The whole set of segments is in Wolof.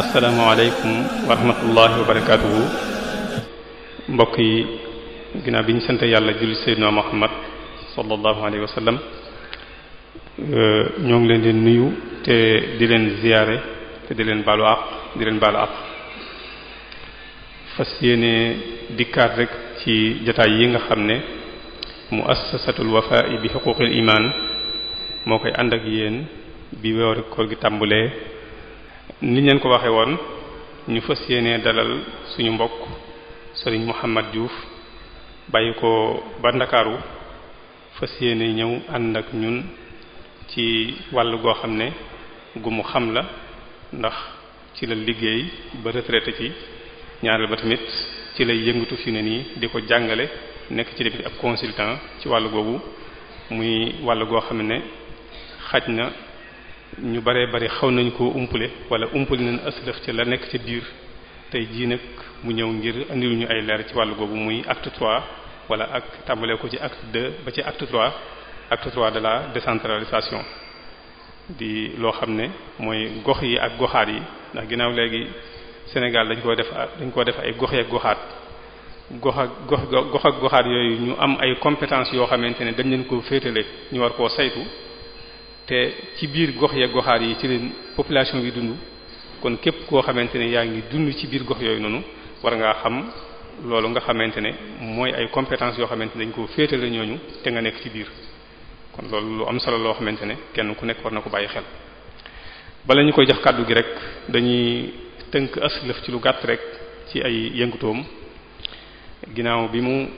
asalaamaaleykum wa rahmatullahi wa barakaatuhu mbokk yi ginnaaw bi ñu sant yàlla julli seydina muhammad sallallahu alayhi wa sallam ñoo ngi leen leen nuyu te di leen ziyaare te di leen baalu àq di leen baalu àq fas yéene dikkaat rek ci jataay yi nga xam ne muassasatul wafaa'i bi xuquuqil imaan moo koy ànd ak yéen bi weeru koor gi tàmbulee ni leen ko waxe woon ñu fas yéene dalal suñu mbokk sëriñ Mouhamad Diouf bàyyi ko ba Ndakaaru fas yéene ñëw ànd ak ñun ci wàll goo xam ne gu mu xam la ndax ci la liggéey ba retraité ci ñaareel ba tamit ci lay yëngatu fi ne nii di ko jàngale nekk ci tamit ak consultant ci wàll googu muy wàll goo xam ne xaj na ñu baree bari xaw nañ ko umpule wala umpule nañ aslëf ci la nekk ci biir tey jii nag mu ñëw ngir indiwuñu ay leer ci wàll googu muy acte 3 wala ak tàmbalee ko ci acte 2 ba ci acte 3 acte 3 de la décentralisation di loo xam ne mooy gox yi ak goxaat yi ndax ginnaaw léegi Sénégal dañ koo def dañ koo def ay gox yi ak goxaat gox ak gox gox ak goxaat yooyu ñu am ay compétence yoo xamante ne dañ leen koo féetale ñu war koo saytu te ci biir gox ya goxaat yi ci leen population bi dund kon képp koo xamante ne yaa ngi dund ci biir gox yooyu noonu war ngaa xam loolu nga xamante ne mooy ay compétence yoo xamante ne dañ koo féetale ñooñu te nga nekk ci biir kon loolu lu am solo loo xamante ne kenn ku nekk war na ko bàyyi xel bala ñu koy jox kàddu gi rek dañuy tënk aslëf ci lu gàtt rek ci ay yëngutoom ginnaaw bi mu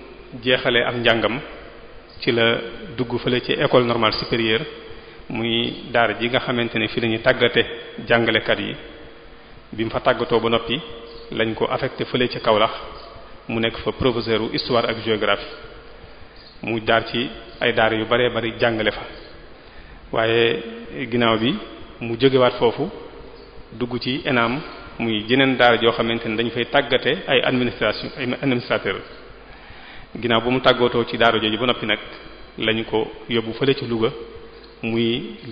jeexalee ak njàngam ci la dugg fële ci école normale supérieure muy daara ji nga xamante ne fi lañuy tàggate jàngalekat yi bi mu fa tàggatoo ba noppi lañ ko affecté fële ci kawlax mu nekk fa professeur u histoire ak géographie mu daar ci ay daar yu bare bari jàngale fa waaye ginnaaw bi mu jógewaat foofu dugg ci ENAM muy jeneen daara joo xamante ni dañu fay tàggate ay administration ay administrateur ginnaaw bu mu tàggatoo ci daara jooju ba noppi nag lañu ko yóbbu fële ci Louga muy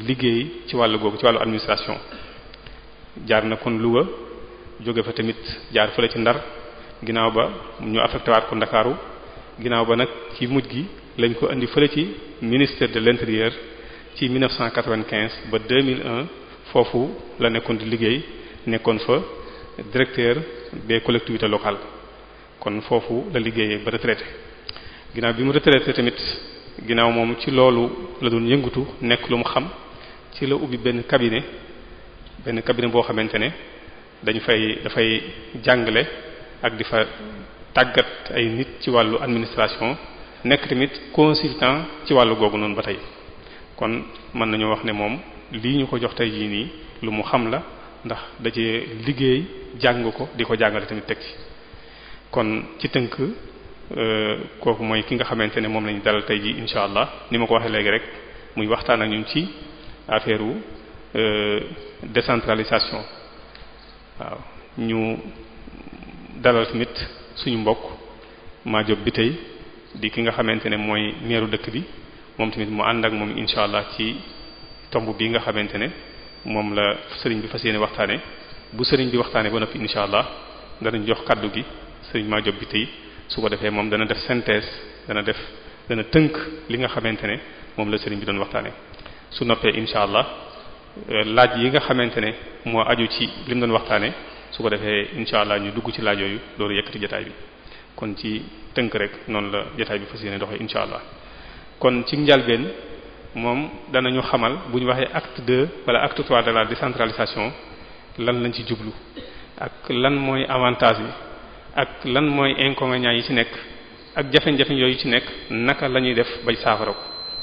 liggéey ci wàll googu ci wàllu administration jaar na kon Louga jóge fa tamit jaar fële ci Ndar ginnaaw ba ñu affecté waat Ndakaaru ginnaaw ba nag ci mujj gi lañ ko indi fële ci ministère de l'intérieur ci 1995 ba 2001 foofu la nekkoon di liggéey nekkoon fa directeur des collectivité locale kon foofu la liggéeyee ba retraité ginnaaw bi mu retraité tamit ginnaaw moom ci loolu la doon yëngatu nekk lu mu xam ci la ubbi benn cabinet benn cabinet boo xamante ne dañu fay dafay jàngale ak di fa tàggat ay nit ci wàllu administration nekk tamit consultant ci wàllu googu noonu ba tey kon mën nañu wax ne moom lii ñu ko jox tey jii nii lu mu xam la ndax da ci liggéey jàng ko di ko jàngale tamit teg ci kon ci tënk euh, kooku mooy ki nga xamante ne moom lañu dalal tey ji incha allah ni ma ko waxee léegi rek muy waxtaan ak ñun ci affaire wu euh, décentralisation waaw ñu dalal tamit suñu mbokk maa job bi tey di ki nga xamante ne mooy meeru dëkk bi moom tamit mu ànd ak moom incha allah ci tomb bi nga xamante ne moom la sëriñ bi fas yéene waxtaane bu sëriñ bi waxtaane ba noppi incha allah danañ jox kaddu gi sëriñ maa job bi tey su ko defee moom dana def synthèse dana def dana tënk li nga xamante ne moom la sëriñ bi doon waxtaane su noppee incha allah euh, laaj yi nga xamante ne moo aju ci li mu doon waxtaane su ko defee incha allah ñu dugg ci laaj yooyu loolu yëkkati jotaay bi kon ci tënk rek noonu la jotaay bi fas yéene doxee incha allah kon ci njàlbeen moom danañu xamal buñ waxé acte 2 wala acte 3 de la décentralisation lan lañ ci djublu ak lan moy avantage bi ak lan moy inconvénients yi ci nek ak jafe-jafe yoy ci nek naka lañuy def bay saafara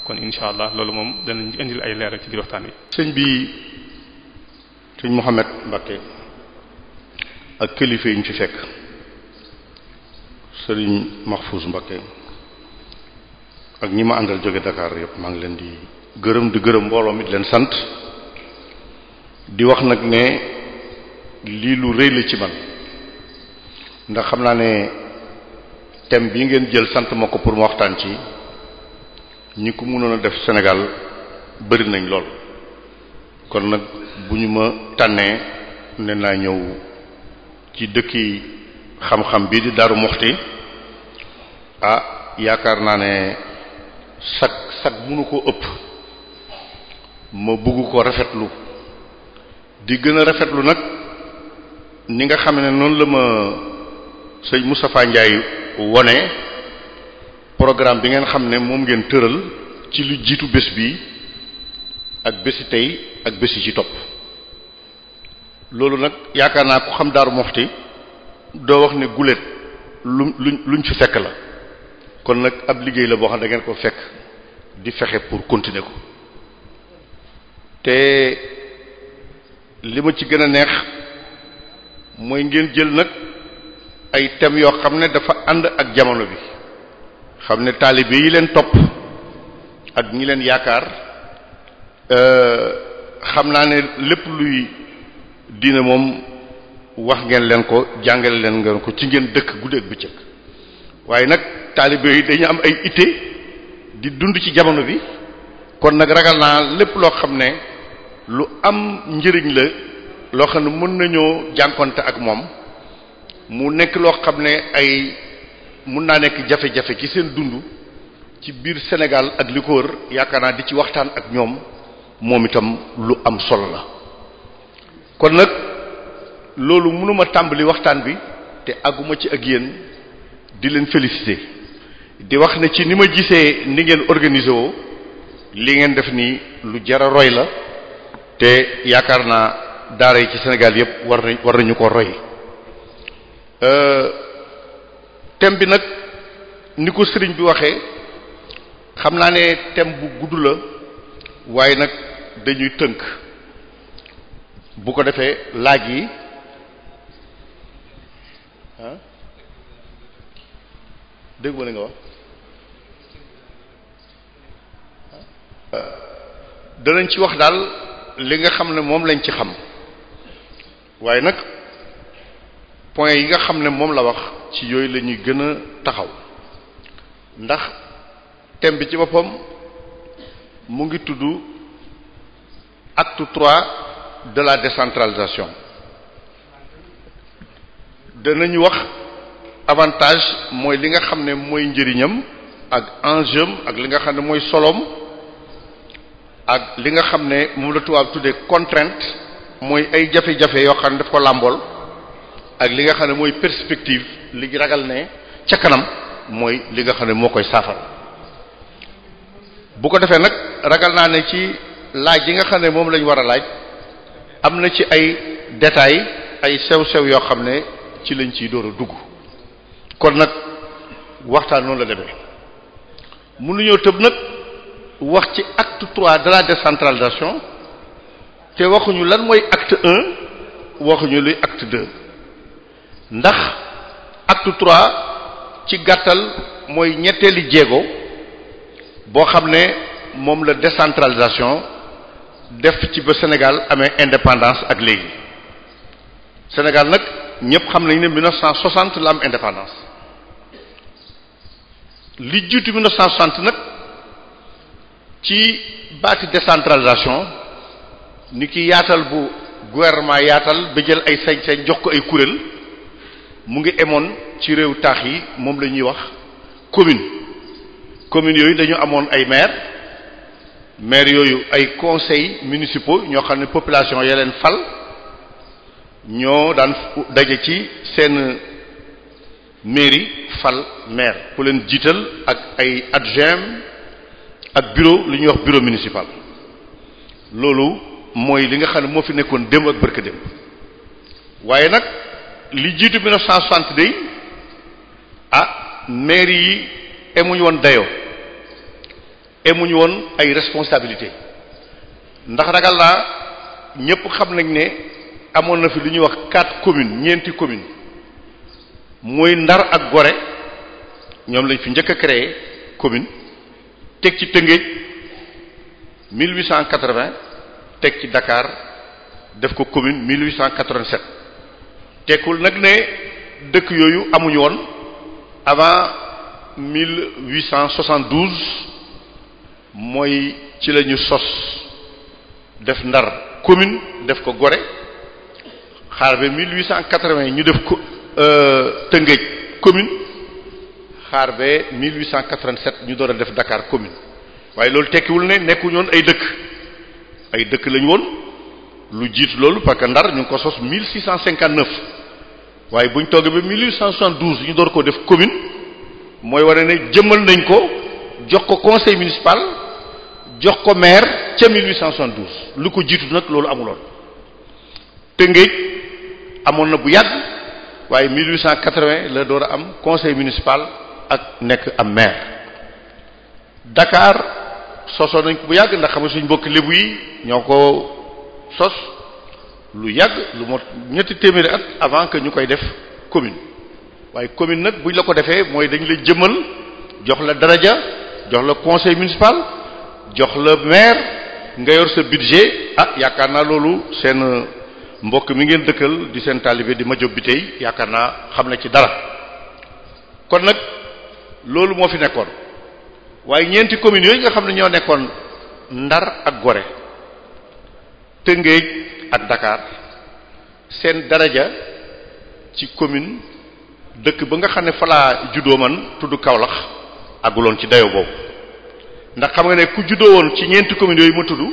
kon inshallah lolu mom moom danañ andil ay lér ci biir waxtaan señ bi señ mohammed Mbacké ak kilifa yi ñu ci fekk señ Mahfouz Mbacké ak ñi ma àndal jóge Dakar yëpp maa ngi leen di gërëm di gërëm mbooloo mi di leen sant di wax nag ne lii lu rëy la ci man ndax xam naa ne thème bi ngeen jël sant ma pour ma waxtaan ci ñi ko a def Sénégal nañ lool kon ma ñëw ci xam-xam di Muxti ah yaakaar naa ne sag sag mënu koo ëpp ma bugg ko rafetlu di gën a rafetlu nag ni nga xam ne noonu la ma sëñ Moustapha Ndiaye wone programme bi ngeen xam ne moom ngeen tëral ci lu jiitu bés bi ak bési tey ak bési ci topp loolu nag yaakaar naa ku xam Daaru Muxti doo wax ne guléet lu luñ luñ fi fekk la kon nag ab liggéey la boo xam ne da ngeen ko fekk di fexe pour continuer ko te li ma ci gën a neex mooy ngeen jël nag ay thèmes yoo xam ne dafa ànd ak jamono bi xam ne taalibe yi leen topp ak ñi leen yaakaar euh, xam naa ne lépp luy diine moom wax ngeen leen ko jàngale leen ngeen ko ci ngeen dëkk guddeeg bëccëg waaye nag taalibe yi dañu am ay itte di dund ci jamono bi kon nag ragal naa lépp loo xam ne lu am njëriñ la loo xam ne mën nañoo jànkonte ak moom mu nekk loo xam ne ay mun naa nekk jafe-jafe ci seen dund ci biir senegal ak li yaakaar naa di ci waxtaan ak ñoom moom itam lu am solo la kon nag loolu mënuma tàmbali waxtaan bi te àgguma ci ak yéen di leen félicité di wax na ci ni ma gisee ni ngeen organisé woo li ngeen def nii lu jara roy la te yaakaar naa daara yi ci Sénégal yëpp war nañ war nañu ko roy euh, thème bi nag ni ko sëriñ bi waxee xam naa ne thème bu gudd la waaye nag dañuy tënk bu ko defee laaj yi dégg ma li nga wax danañ ci wax daal li nga xam ne moom lañ ci xam waaye nag point yi nga xam ne moom la wax ci yooyu lañuy ñuy gën a taxaw ndax thème bi ci boppam mu ngi tudd acte trois de la décentralisation danañu wax avantage mooy li nga xam ne mooy njëriñam ak enjeu ak li nga xam ne mooy soloom ak li nga xam ne moom la tubaab tuddee contrainte mooy ay jafe-jafe yoo xam ne daf ko làmbool ak li nga xam ne mooy perspective li ragal ne ca kanam mooy li nga xam ne moo koy saafara bu ko defee nag ragal naa ne ci laaj yi nga xam ne moom lañ war a laaj am na ci ay détails ay sew-sew yoo xam ne ci lañ ciy door a dugg kon nag waxtaan noonu la demee mënuñoo tëb nag wax ci acte trois de la décentralisation te waxuñu lan mooy acte un waxuñu luy acte deux ndax acte trois ci gàttal mooy ñetteeli jéego boo xam ne moom la décentralisation def ci ba Sénégal amee indépendance ak léegi Sénégal nag. ñëpp xam nañ ne 1960 la am indépendance li jiitu 1960 nag ci baati décentralisation ni ki yaatal bu gouvernement yaatal ba jël ay sañ-sañ jox ko ay kuréel mu ngi emoon ci réew taax yi moom la ñuy wax commune commune yooyu dañu amoon ay maire maire yooyu ay conseils municipaux ñoo xam ne population ya fal ñoo daan daje ci seen mairie fal maire ku leen jiital ak ay adjoint ak bureau lu ñuy wax bureau municipal loolu mooy li nga xam ne moo fi nekkoon démb ak bërka démb waaye nag li jiitu 1960 day ah maire yi emuñu woon dayoo emuñu woon ay responsabilité ndax ragal naa ñépp xam nañ ne amoon na fi lu ñuy wax quatre commune ñeenti communes mooy Ndar ak gore ñoom lañ fi njëkk a créé commune teg ci Tëngéej 1880 teg ci Dakar def ko commune 1887 tekkul nag ne dëkk yooyu amuñu woon avant 1872 mooy ci la ñu sos def Ndar commune def ko gore xaar ba 1880 ñu def ko euh, Tëngéej commune xaar ba 1887 ñu door a def Dakar commune waaye loolu tekkiwul ne nekku ñoon ay dëkk ay dëkk lañu woon lu jiitu loolu parce que Ndar ñu ngi ko sos 1659 waaye bu ñu toogee ba 1872 ñu door ko def commune mooy wane ne jëmmal nañ ko jox ko conseil municipal jox ko maire ca 1872 lu ko jiitu nag loolu amuloon Tëngéej. amoon na bu yag, waaye 1880 le door am conseil municipal ak nek am maire Dakar soso nañ ko bu yag. ndax xam nga suñ mbokki lébu yi ñoko sos lu yàgg lu mot ñetti téméré at avant que ñukoy def commune waye commune nak buñ la ko défé moy dañ la jëmmal jox la daraja jox la conseil municipal jox la maire nga yor sa budget ah yakarna lolu seen mbokk mi ngeen dëkkal di seen taalibe di ma jóg bi tey yaakaar naa xam na ci dara kon nag loolu moo fi nekkoon waaye ñeenti communes yooyu nga xam ne ñoo nekkoon Ndar ak Gorée Tëngéej ak Dakar seen daraja ci commune dëkk ba nga xam ne falaa juddoo man tudd Kaolack àgguloon ci dayo boobu ndax xam nga ne ku juddoo woon ci ñeenti communes yooyu ma tudd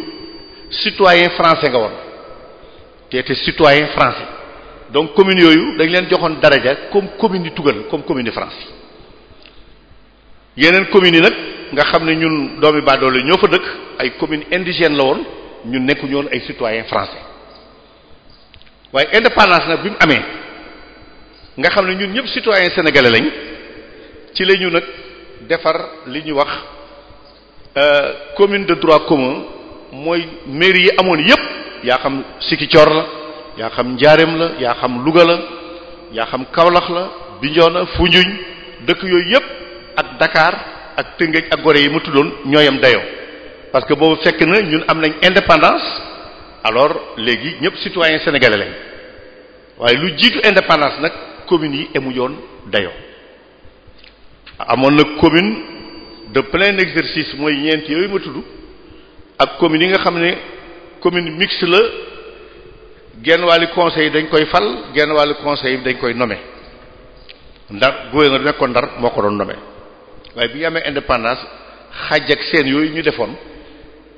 citoyen français nga woon te te citoyen français donc communes yooyu dañ leen joxoon daraja comme commune yi tugal comme commune yi France yeneen communes yi nag nga xam ne ñun doomi baadoole ñoo fa dëkk ay communes indigènes la woon ñu nekku ñoon ay citoyen français waaye indépendance nag bi mu amee nga xam ne ñun ñëpp citoyen sénégalais lañ ci la ñu nag defar li ñu wax euh, commune de droit commun mooy mairie yi amoon yëpp yaa xam Sikicoor la yaa xam Njaareem la yaa xam Louga la yaa xam Kaolack la Bignona Foundiougne dëkk yooyu yëpp ak Dakar ak Tëngéej ak Gorée yi ma tuddoon ñooyam dayoo parce que boobu fekk na ñun am nañ indépendance alors léegi ñëpp citoyen sénégalais lañ waaye lu jiitu indépendance nag communes yi emu yoon dayoo amoon na commune de plein exercice mooy ñeent yooyu ma tudd ak communes yi nga xam ne commune mixte la genn wàllu conseil dañ koy fal genn wàllu conseil dañ koy nommé ndar gouverneur bi nekkoon ndar moo ko doon nommé waaye bi ñu amee indépendance xaj ak seen yooyu ñu defoon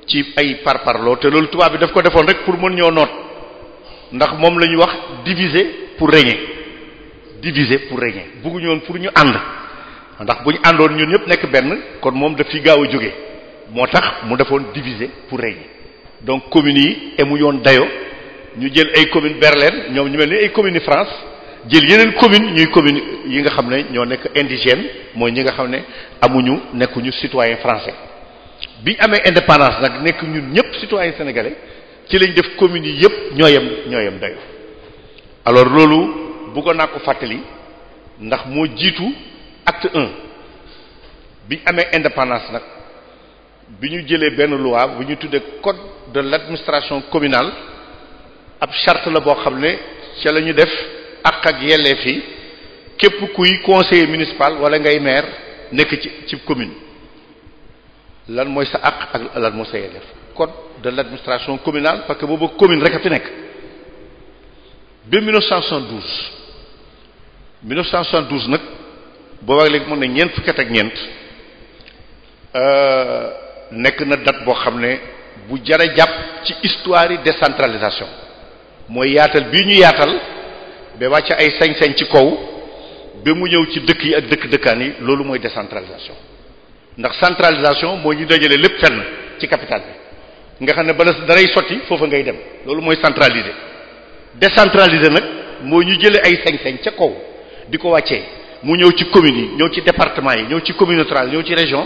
ci ay parparloo te loolu tubaab bi daf ko defoon rek pour mën ñoo noot ndax moom la ñuy wax diviser pour régner diviser pour régner bëgguñu woon pour ñu ànd ndax bu ñu àndoon ñun ñëpp nekk benn kon moom daf fi gaaw a jóge moo tax mu defoon diviser pour régner donc communes yi emu yoon dayo ñu jël ay communes berlin ñoom ñu mel ni ay communes France jël yeneen commune ñuy commune yi nga xam ne ñoo nekk indigene mooy ñi nga xam ne amuñu nekkuñu citoyen français biñ amee indépendance nag nekk ñun ñëpp citoyen sénégalais ci lañ def communes yi yëpp ñoo yem ñoo yem dayo alors loolu bëggoon naa ko fàttali ndax moo jiitu acte un biñ amee indépendance nag biñu jëlé jëlee loi bu tuddé code de l'administration communale ab charte la bo xamné ci lañu def ak ak yelleef fi képp kuy conseiller municipal wala ngay maire nek ci ci commune lan moy sa ak ak lan mo sa yelleef code de l'administration communale parce que boobu commune rek a fi nekk ba 1972 1972 nag boobaag léegi mën na ñeent fukki at ak euh nekk na date boo xam ne bu jare jàpp ci histoire yi décentralisation mooy yaatal bii ñu yaatal ba wàcc ay sañ-sañ ci kaw ba mu ñëw ci dëkk yi ak dëkk dëkkaani loolu mooy décentralisation ndax centralisation moo ñu dajale lépp fenn ci capital bi nga xam ne bala daray sotti foofu ngay dem loolu mooy centraliser décentraliser nag moo ñu jëlee ay sañ-sañ ca kaw di ko wàccee mu ñëw ci communes yi ñëw ci département yi ñëw ci communauté rurale ñëw ci région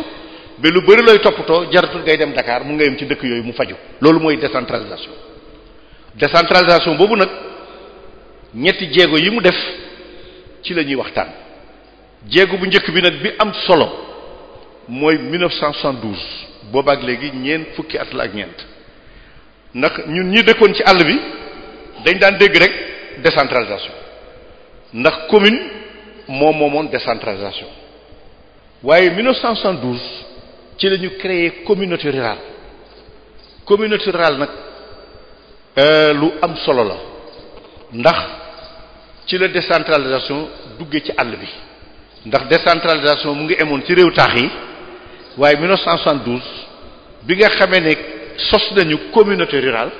ba lu bëri looy toppatoo jaratul ngay dem dakaar mu nga yem ci dëkk yooyu mu faju loolu mooy décentralisation décentralisation boobu nag ñetti jéego yi mu def ci la ñuy waxtaan jéego bu njëkk bi nag bi am solo mooy 1972 ak léegi ñeent fukki at la ak ñeent ndax ñun ñi dëkkoon ci àll bi dañ daan dégg rek décentralisation ndax commune moo moomoon décentralisation waaye 1972. ci lañu créer communauté rurale communauté rurale euh lu am solo la ndax ci la décentralisation duggé ci àll bi ndax décentralisation mu ngi emoon ci réew tax yi waye 1972 bi nga xamé ne sos nañu communauté rurale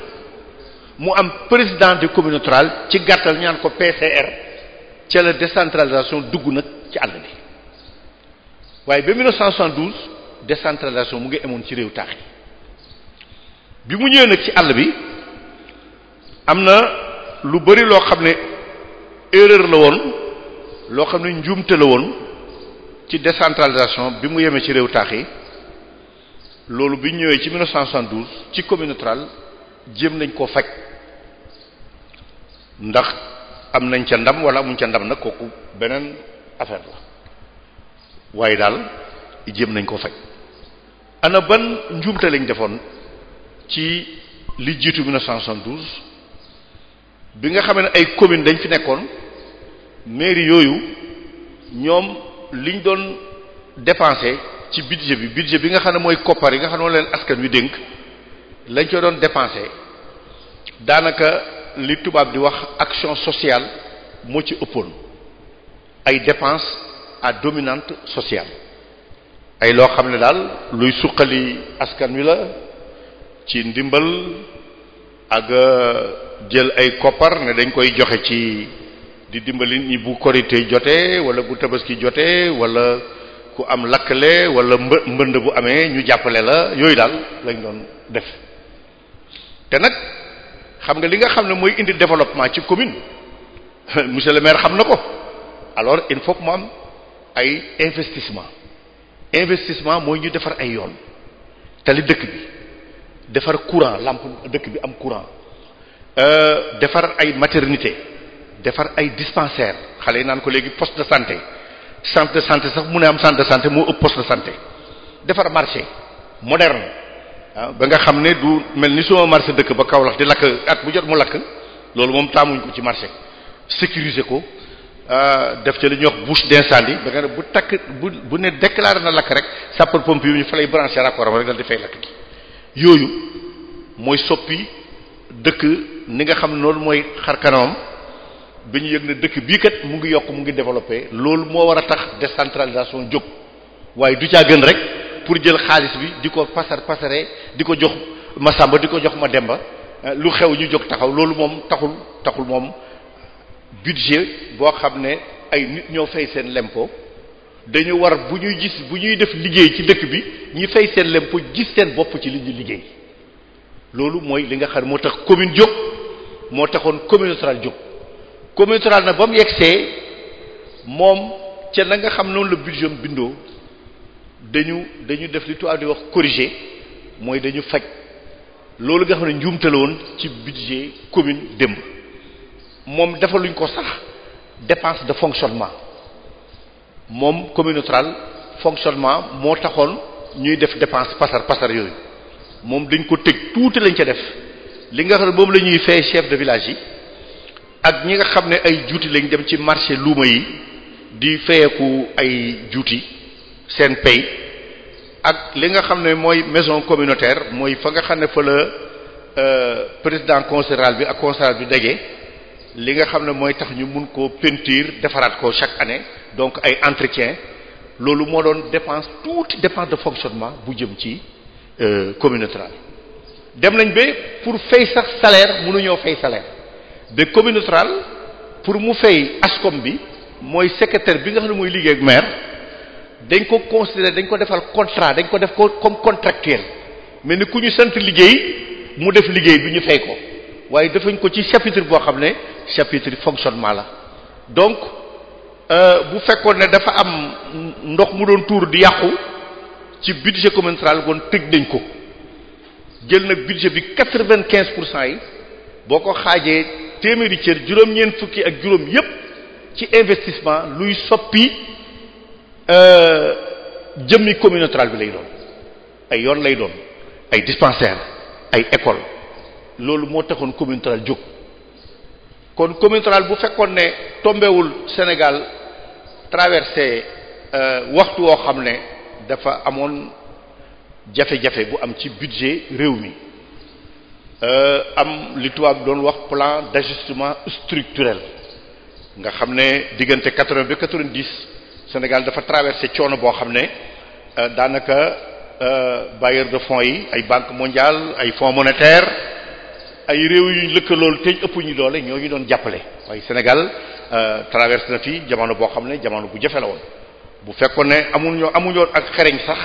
mu am président de communauté rurale ci gattal ñaan ko PCR créé la décentralisation dugg nak ci àll bi waye 1972 décentralisation mu ngi amoon ci réew taax yi bi mu ñëwee nag ci àll bi am na lu bari loo xam ne erreur la woon loo xam ne njuumte la woon ci décentralisation bi mu yemee ci réew taax yi loolu bi ñëwee ci 1972 ci communauté jéem nañ koo faj ndax am nañ ca ndam wala amuñ ca ndam nag kooku beneen affaire la waaye daal jéem nañ koo faj ana ban njuumte lañ defoon ci li jiitu 1972 bi nga xamee ne ay commune dañ fi nekkoon mairie yooyu ñoom liñ doon dépensé ci budget bi budget bi nga xam ne mooy koppar yi nga xam ne moom leen askan wi dénk lañ ko doon dépensé daanaka li tubaab di wax action sociale moo ci ëppoon ay dépenses à dominante sociale ay loo xam ne daal luy suqali askan wi la ci ndimbal ak euh, jël ay koppar ne dañ koy joxe ci di dimbali nii bu korité jotee wala bu tabaski jotee wala ku am lakkale wala mbë mbënd bu amee ñu jàppale la yooyu daal lañ doon def te nag xam nga li nga xam ne mooy indi développement ci commune monsieur le maire xam na ko alors il faut que mu am ay investissement investissement mooy ñu defar ay yoon tali dëkk bi defar courant lamp dëkk bi am courant euh, defar ay maternité defar ay dispensaire xale yi naan ko léegi poste de santé centre de santé sax mu ne am centre de santé moo ëpp poste de santé defar marché moderne ah ba nga xam ne du mel ni suma marché dëkk ba Kaolack di lakk at bu jot mu lakk loolu moom taamuñ ko ci marché sécuriser ko Euh, def ca li ñuy wax bouche d'incendie da nga ne bu takk bu bu ne déclaré na lakk rek sapeur pompier yi ñu fa lay branché raccord rek a di fay lakk gi yooyu mooy soppi dëkk ni nga xam ne loolu mooy xar kanamam bi ñu yëg ne dëkk bii kat mu ngi yokk mu ngi développé loolu moo war a tax décentralisation jóg waaye du caa gën rek pour jël xaalis bi di ko pasar pasare di ko jox Masamba di ko jox ma Mademba euh, lu xew ñu jóg taxaw loolu moom taxul taxul moom budget boo xam ne ay nit ñoo fay seen lempo dañu war bu ñuy gis bu ñuy def liggéey ci dëkk bi ñi fay seen lempo gis seen bopp ci li liggéey loolu mooy li nga xam ne moo tax commune jóg moo taxoon commune rurale jóg commune rurale nag ba yegsee moom ca na nga xam noonu la budget am bindoo dañu dañu def li tubaab di wax corriger mooy dañu faj loolu nga xam ne njuumtale woon ci budget commune démb mom defaluñ ko sax dépenses de fonctionnement mom commune fonctionnement mo taxone ñuy def dépenses passer passer yooyu mom dañ ko tëj tuuti lañ ci def li nga xam mom lañuy la fay chef de village yi ak ñi nga xam ay juuti lañ dem ci marché luuma yi di fayeku ay juuti sen pay ak li nga xam moy maison communautaire moy fa nga xam fa le euh président conseil rural bi ak conseil rural bi dajee li nga xam moy tax ñu mun ko peinture défarat ko chaque année donc ay entretien lolu mo doon dépense toute dépense de fonctionnement bu jëm ci euh rurale dem nañ be pour fay sax salaire mënuñoo fay salaire De communautaire pour mu fay ASCOM bi moy secrétaire bi nga xam moy mooy ak maire dañ ko considérer dañ ko defal contrat dañ ko def ko comme contractuel mais ni ku ñu sant liggéey mu def liguey bi ñu fay ko waaye defuñ ko ci chapitre boo xam ne chapitre fonctionnement la donc euh, bu fekkoon ne dafa am ndox mu doon tour di yàqu ci budget communautaire kon tëj nañ ko jël nag budget bi 95 pour cent yi boo ko xaajee téeméeri cër juróom-ñeent fukki ak juróom yépp ci investissement luy soppi euh, jëmmi communautaire bi lay doon ay yoon lay doon ay dispensaire ay école loolu mo taxone commune Tral jóg kon commune Tral bu fekkone ne tombewul Sénégal traversé euh, waxtu wo xam dafa amone jafé jafé bu am ci budget réuni. euh am li tubaab wax plan d'ajustement structurel nga xam digënté diggante 80 ba 90 Sénégal dafa traverser coono boo xam danaka euh, euh bailleur de fonds yi ay banque mondiale ay fonds monétaire ay réew yuñ lëkkalool teñ ëpp ñu doole ñoo ñu doon jàppale waaye Sénégal euh, traverse na fi jamono boo xam ne jamono bu jafe la woon bu fekkoon ne amul ñoo amuñoon ak xereñ sax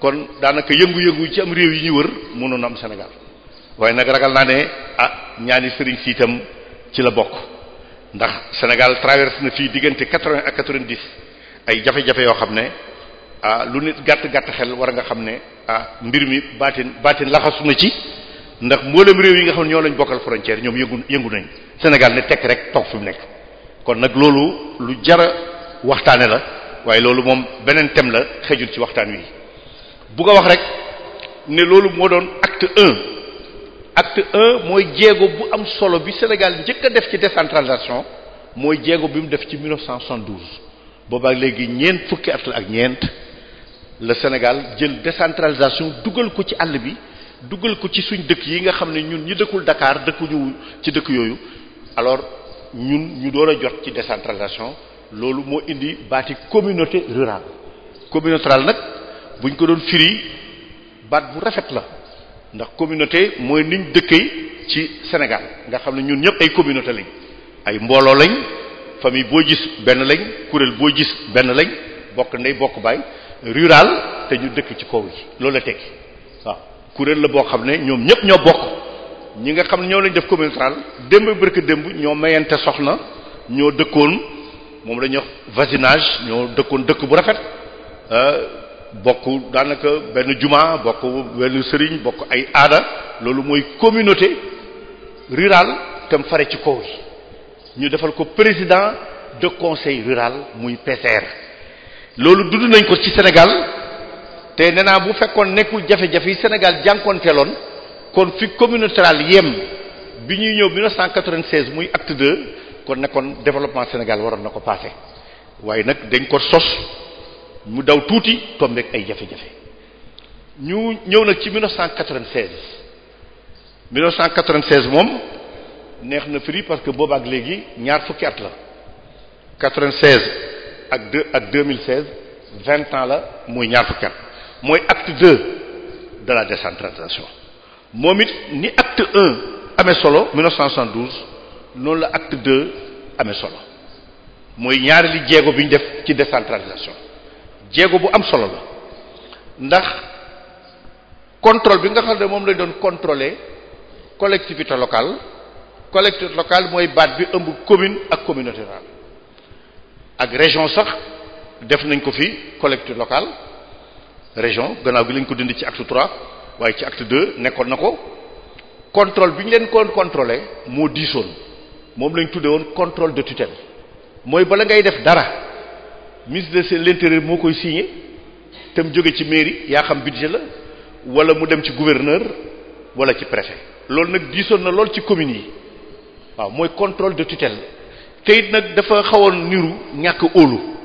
kon daanaka yëngu-yëngu ci am réew yi ñuy wër mënoon am Sénégal waaye nag ragal naa ne ah ñaani sëriñ si itam ci la bokk ndax Sénégal traverse na fii diggante quatre-vingt ak quatre-vingt-dix ay jafe-jafe yoo xam ne ah lu nit gàtt gàtt xel wara nga xam ne ah mbir mi baatin baatin laxasu na ci ndax rew yi nga ñoo lañ frontière Sénégal ne tekk rek kon nak loolu lu jara waxtane la thème la ci wi bu acte 1. acte 1, moy jéego bu am solo Sénégal a def ci décentralisation moy 1972 Si Sénégal ñeen fukki Sénégal jël décentralisation duggal ko ci bi dugal ko ci suñ dëkk yi nga xam ne ñun ñi dëkkul Dakar dëkkuñu ci dëkk yooyu alors ñun ñu doon a jot ci décentralisation loolu moo indi baati communauté rural communauté rurale nag buñ ko doon firi baat bu rafet la ndax communauté mooy niñ dëkkee ci Sénégal nga xam ne ñun ñëpp ay communauté lañ ay mbooloo lañ famille boo gis benn lañ kuréel boo gis benn lañ bokk ndey bokk baay rural te ñu dëkk ci kow yi loolu la tekki waaw kuréel la boo xam ne ñoom ñëpp ñoo bokk ñi nga xam ne ñoo lañ def commune rurale démb bërka démb ñoo mayante soxna ñoo dëkkoon moom la vasinage ñoo dëkkoon dëkk bu rafet euh, bokk daanaka benn juma bokk benn sëriñ bokk ay aada loolu mooy communauté rural tam fare ci kaw ñu defal ko président de conseil rural muy PCR loolu dund nañ ko ci Sénégal té nee bu fekkoon nekul jafé jafé yi Sénégal jànkoonteeloon kon fi communautaire yem bi ñëw 1996 muy acte 2 kon nekkoon développement Sénégal waron nako passé waaye nak dañ ko sos mu daw tuuti tombeeg ay jafé jafé ñu ñëw nak ci 1996 1996 mom neex na firi parce que boobaak légui ñaar fukki at la 96 ak 2 ak 2016 20 ans la muy ñaar fukki c'est acte 2 de la décentralisation momit ni acte 1 amé solo 1972 non l'acte 2 amé solo moy C'est li djégo buñ def ci décentralisation djégo bu am de la ndax contrôle bi nga nous mom lay doon contrôler collectivité locale collectivité locale moy une bi eumbu commune ak communauté rurale ak région sax def nañ collectivité locale région gannaaw gi lañ ko dindi ci acte 3 waye ci acte 2 nekkoon na ko contrôle bi ñu leen koon contrôlé moo diisoon moom lañ tuddee woon contrôle de tutelle moy bala ngay def dara ministre de l'intérieur mo koy signé tam joggé ci mairie ya xam budget la wala mu dem ci gouverneur wala ci préfet loolu nak diisoon na lool ci commune yi waaw moy contrôle de tutelle teyit nak dafa xawon niru ñak óolu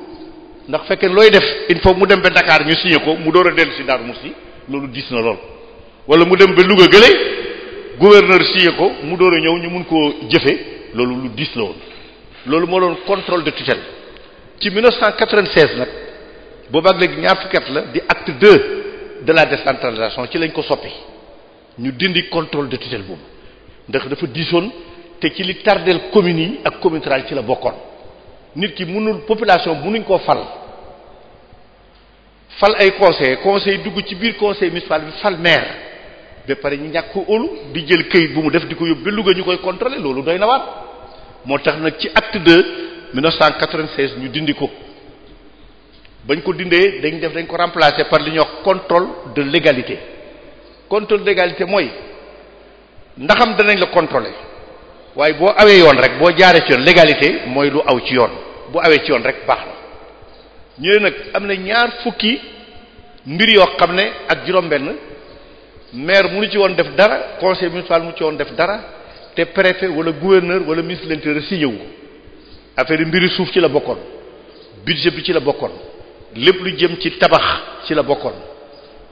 ndax fekkee looy def il faut mu dem ba ndakaar ñu signé ko mu door a dellu si Darou Moussi loolu diis na lool wala mu dem ba Louga gële gouverneur signé ko mu door a ñëw ñu mun koo jëfe loolu lu diis la woon loolu moo doon contrôle de tutelle ci 1996 nag boobaag léegi ñaar fukki at la di acte 2 de la décentralisation ci lañ ko soppi ñu dindi contrôle de tutelle boobu ndax dafa diisoon te ci li tardeel communes yi ak communauté rurale ci la bokkoon nit ki mënul population mënuñ ko fal fal ay conseil conseil dugg ci biir conseil municipal bi fal maire ba pare ñi ñàkk ko óolu di jël keuy bu mu def diko ko yóbbu ba Louga contrôler lolu doyna na waat moo tax ci acte 2 1996 ñu dindiko bañ ko dindé dañ def dañ ko remplacer par li ñox contrôle de légalité contrôle d'égalité moy mooy ndaxam danañ la contrôler waye bo awé yoon rek bo jaaree ci yoon légalité moy lu aw ci yoon bu awé ci yoon rek baax ñu nak amna ñaar fukki mbir yo xamné ak juróom-benn maire mu nu ci won def dara conseil municipal mu ci won def dara té préfet wala gouverneur wala ministre de l'intérieur signé wu affaire yi mbiri suuf ci la bokkoon budget bi ci la bokkoon lepp lu jëm ci tabax ci la bokkoon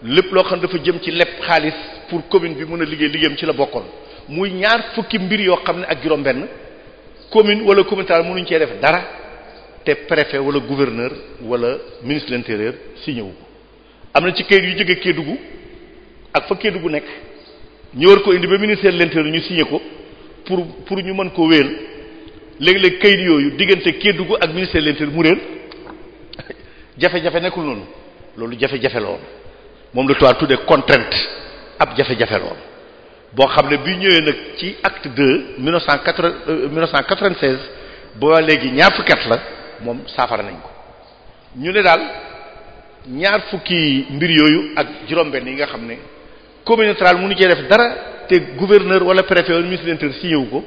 lepp lo xam dafa jëm ci lepp xaliss pour commune bi mëna liggéey liggéeyam ci la bokkoon muy ñaar fukki mbir yoo xam ne ak juróom-benn commune wala communauté mënuñ cee def dara te préfet wala gouverneur wala ministre de l'intérieur signé am na ci kayit yu jógee Kédougou ak fa Kédougou nekk ñu war ko indi ba ministère de l'intérieur ñu signé ko pour pour ñu mën ko wéel léegi léeg kayit yooyu diggante Kédougou ak ministère de mu réer jafe-jafe nekkul noonu loolu jafe-jafe loolu moom la tubaab tuddee contrainte ab jafe-jafe loolu boo xam ne bi ñëwee nag ci acte 2 1996 euh, ba léegi ñaar fukki at la moom saafara nañ ko ñu ne daal ñaar fukki mbir yooyu ak juróom-benn yi nga xam ne commune rurale mënu cee def dara te gouverneur wala préfet wala ministre de l'intérieur signé wu ko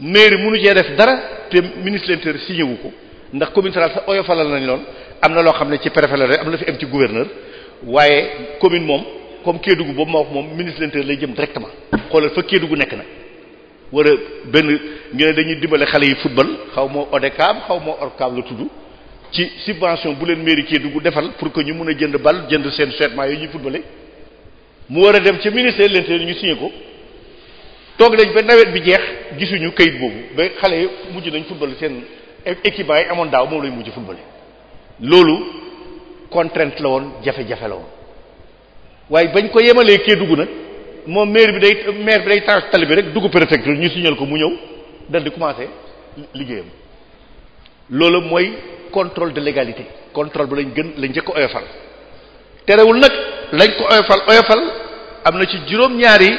mu mënu cee def dara te ministre de l'intérieur signé wu ko ndax commune rurale sax oyofalal nañ loon am na loo xam ne ci préfet la am na fi am ci gouverneur waaye commune moom. comme Kédougou boobu ma wax moom ministre de lay jëm directement xoolal fa Kédougou nekk na war a benn ñu dañuy dibale xale yi football xaw ma ODCAV xaw ma ORCAV la tudd ci subvention bu leen mairie Kédougou defal pour que ñu mun a jënd bal jënd seen survêtement yi ñuy footballé mu war a dem ci ministère de l'intérieur ñu signé ko toog nañ ba nawet bi jeex gisuñu kayit boobu ba xale yi mujj nañ football seen équipement yi amoon daaw moom lañ mujj footballé loolu contrainte la woon jafe-jafe la waaye bañ ko yemalee dugg nag moom maire bi day maire bi day tax tali bi rek dugg préfecture ñu signal ko mu ñëw dal di commencer liggéeyam loolu mooy contrôle de légalité contrôle bu lañ gën lañ njëkk ko oyofal terewul nag lañ ko oyofal oyofal am na ci juróom-ñaari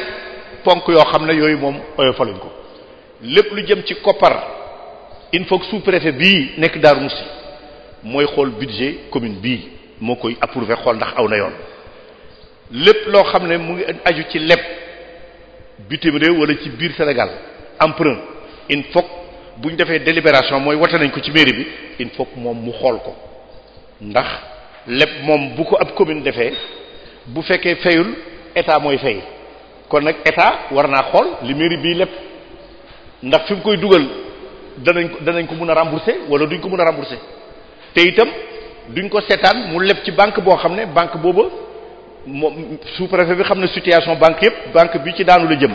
ponk yoo xam ne yooyu moom oyofaluñ ko lépp lu jëm ci koppar il faut que bii nekk Darou Mousty mooy xool budget commune bii moo koy approuvé xool ndax aw na yoon lépp loo xam ne mu ngi aju ci leb bitim réew wala ci biir Sénégal emprunt il faut buñ defee délibération mooy wate nañ ko ci mairie bi il faut moom mu xool ko ndax leb moom bu ko ab commune defee bu fekkee fayul état mooy fay kon nag état war naa xool li mairie bii leb ndax fi mu koy dugal danañ ko danañ ko mun a rembourser wala duñ ko mun a rembourser te itam duñ ko seetaan mu leb ci banque boo xam ne banque booba moom sous-préfet bi xamna situation banque yëpp banque bi ci daanu la jëm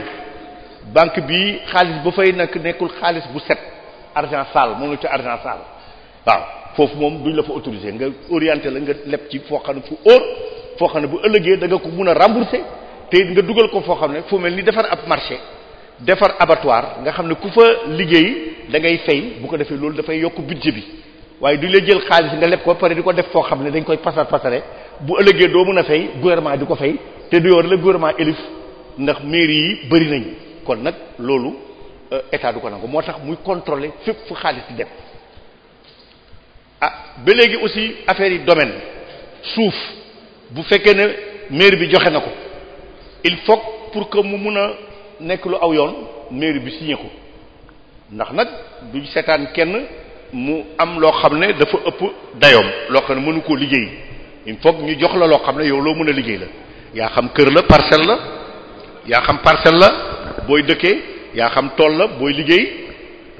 banque bi xaalis bu fay nak nekul xaalis bu set argent sale moom la ci argent sale waaw fofu mom duñ la fa autoriser nga orienter la nga lepp ci fo xamne fu or fo xamne bu ëllëgee da nga ko mun rembourser té nga duggal ko fo xamne fu melni défar ab marché défar abattoir nga xamne ku fa liggéey da ngay fay bu ko défé defee da fay yokk budget bi waye du la jël xaalis nga lepp ko paré diko def fo xamne dañ koy passer passeré bu ëllëgee doo mën a fay gouvernement di ko fay te du yow la gouvernement élif ndax mairie yi bëri nañu kon nag loolu euh, état du ko nangu moo tax muy contrôler fépp fu xaalis di dem ah ba léegi aussi affaire yi domaine suuf bu fekkee ne mairie bi joxe na ko il faut pour que mu mun a nekk lu aw yoon mairie bi signé ko ndax nag du seetaan kenn mu am loo xam ne dafa ëpp dayoom loo xam ne mënu koo liggéey. il faut ñu jox la loo xam ne yow loo mën a liggéey la yaa xam kër la parcelle la yaa xam parcelle la booy dëkkee yaa xam tool la booy liggéey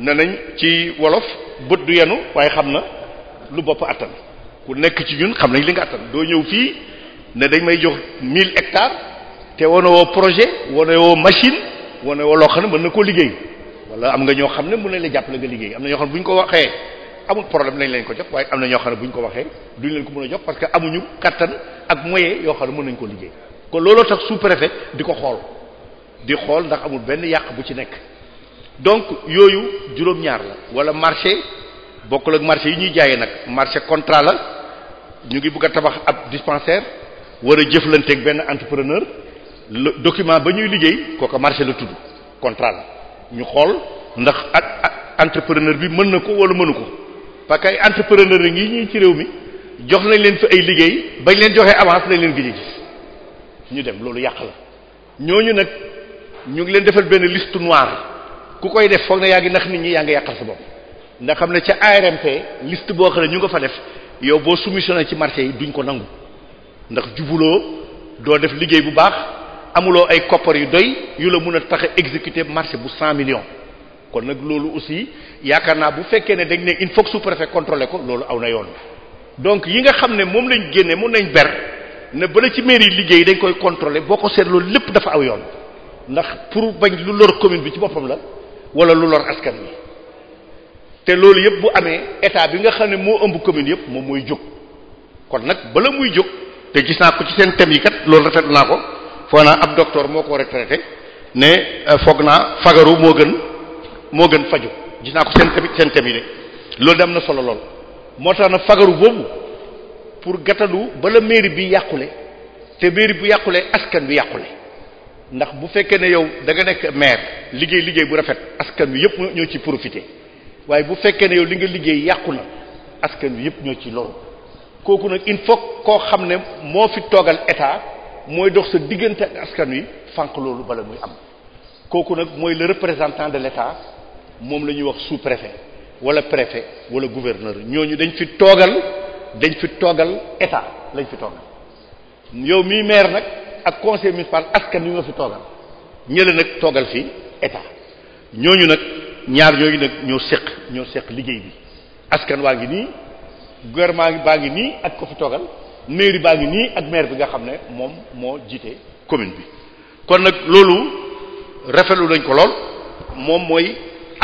ne nañ ci wolof bët du yenu waaye xam na lu bopp attan ku nekk ci ñun xam nañ li nga attan doo ñëw fii ne dañ may jox mille hectare te wane woo projet wane woo machine wane woo loo xam ne mën na koo liggéey wala am nga ñoo xam ne mën na la jàppale nga liggéey am na ñoo xam ne bu ñu ko waxee amul problème nañ leen ko jox waaye am na ñoo xam ne bu ñu ko waxee duñ leen ko mën a jox parce que amuñu kàttan ak moyen yoo xam ne mën nañ ko liggéey kon looloo tax sous-préfet di ko xool di xool ndax amul benn yàq bu ci nekk donc yooyu juróom la wala marché bokkul ak marché yi ñuy jaayee nag marché contrat la ñu ngi bëgg a tabax ab war a jëflanteeg benn entrepreneur le document ba ñuy liggéey kooka marché la tudd contrat la ñu xool ndax ak entrepreneur bi mën na ko wala mënu ko parce que ay entrepreneur yi ngi ñuy ci réew mi jox nañ leen fi ay liggéey bañ leen joxee avance nañ leen gëj a gis ñu dem loolu yàq la ñooñu nag ñu ngi leen defal benn liste noire ku koy def foog na yaa ngi ndax nit ñi yaa ngi yàqal sa bopp ndax xam ne ca ARMP liste boo xam ne ñu nga fa def yow boo soumissionné ci marché yi duñ ko nangu ndax jubuloo doo def liggéey bu baax amuloo ay koppar yu doy yu la mun a tax a exécuter bu 100 kon nag loolu aussi yaakaar naa bu fekkee ne dañ ne il faut sous-préfet contrôler ko loolu aw na yoon donc yi nga xam ne moom lañ génne mun nañ ber ne bala ci mairie liggéey dañ koy contrôler boo ko seet loolu lépp dafa aw yoon ndax pour bañ lu lor commune bi ci boppam la wala lu lor askan wi te loolu yëpp bu amee état bi nga xam ne moo ëmb commune yëpp moom mooy jóg kon nag bala muy jóg te gis naa ko ci seen tem yi kat loolu rafet naa ko foo naa ab docteur moo ko retraité ne euh, foog naa fagaru moo gën moo gën faju gis naa ko seen seen thème de loolu de am na solo lool moo tax na fagaru boobu pour gàttalu bala mairie bi yàqule te mairie bu yàqule askan bi yàqule ndax bu fekkee ne yow da nga nekk maire liggéey liggéey bu rafet askan bi yëpp ñoo ci profité waaye bu fekkee ne yow li nga liggéey yàqu na askan bi yëpp ñoo ci loru kooku nag il faut koo xam ne moo fi toogal état mooy dox sa diggante askan wi fànq loolu bala muy am kooku nag mooy le représentant de l'état moom la ñuy wax sous-préfet wala préfet wala gouverneur ñooñu dañ fi toogal dañ fi toogal état lañ fi toogal yow mii maire nag ak conseil municipal askan wi nga fi toogal ñële nag toogal fi état ñooñu nag ñaar ñooñu nag ñoo seq ñoo seq liggéey bi askan waa ngi nii gouvernement baa ngi nii ak ko fi toogal mairie baa ngi nii ak maire bi nga xam ne moom moo jiite commune bi kon nag loolu rafetlu lañ ko lool moom mooy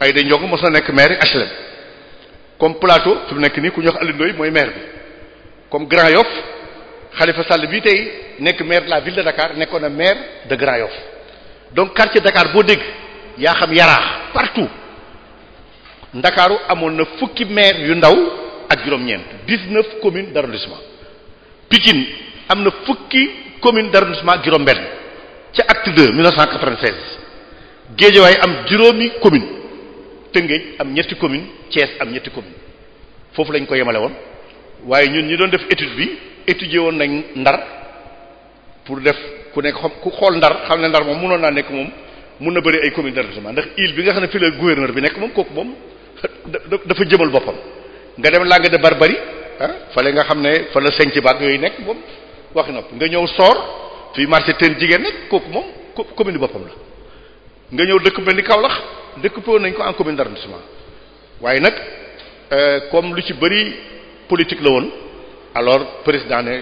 Aïda da njong mos na maire HLM comme plateau fi nek ni nii ku ñuy wax Ndoye moy maire bi comme Grand Yoff Khalifa Sall bi tay nek maire de la ville de Dakar nekona maire de Grand Yoff donc quartier Dakar bo dégg ya xam yara partout Dakarou amone fukki maire yu ndaw ak juroom ñent 19 communes d'arrondissement Pikine amna fukki commune d'arrondissement juroom juróom ci acte 2 1996 Guédiawaye am juroomi commune Tëngéej am ñetti commune Thiès am ñetti commune foofu lañ ko yemale woon waaye ñun ñu doon def étude bi étudier woon nañ ndar pour def ku nekk ku xool ndar xam ne ndar moom mënoon naa nekk moom mun na bëri ay commune d'arrondissement ndax île bi nga xam ne fii la bi nekk moom kooku moom dafa jëmal boppam nga dem Langue de Barbarie ah fale nga xam ne fa la senc baak yooyu nekk moom wax nopp nga ñëw soor fii marché teen jigéen nekk kooku moom commune boppam la nga ñëw dëkk mel ni Kaolack dëkk po nañ ko en commune d'arrondissement waaye nag euh, comme lu ci bëri politique la woon alors président ne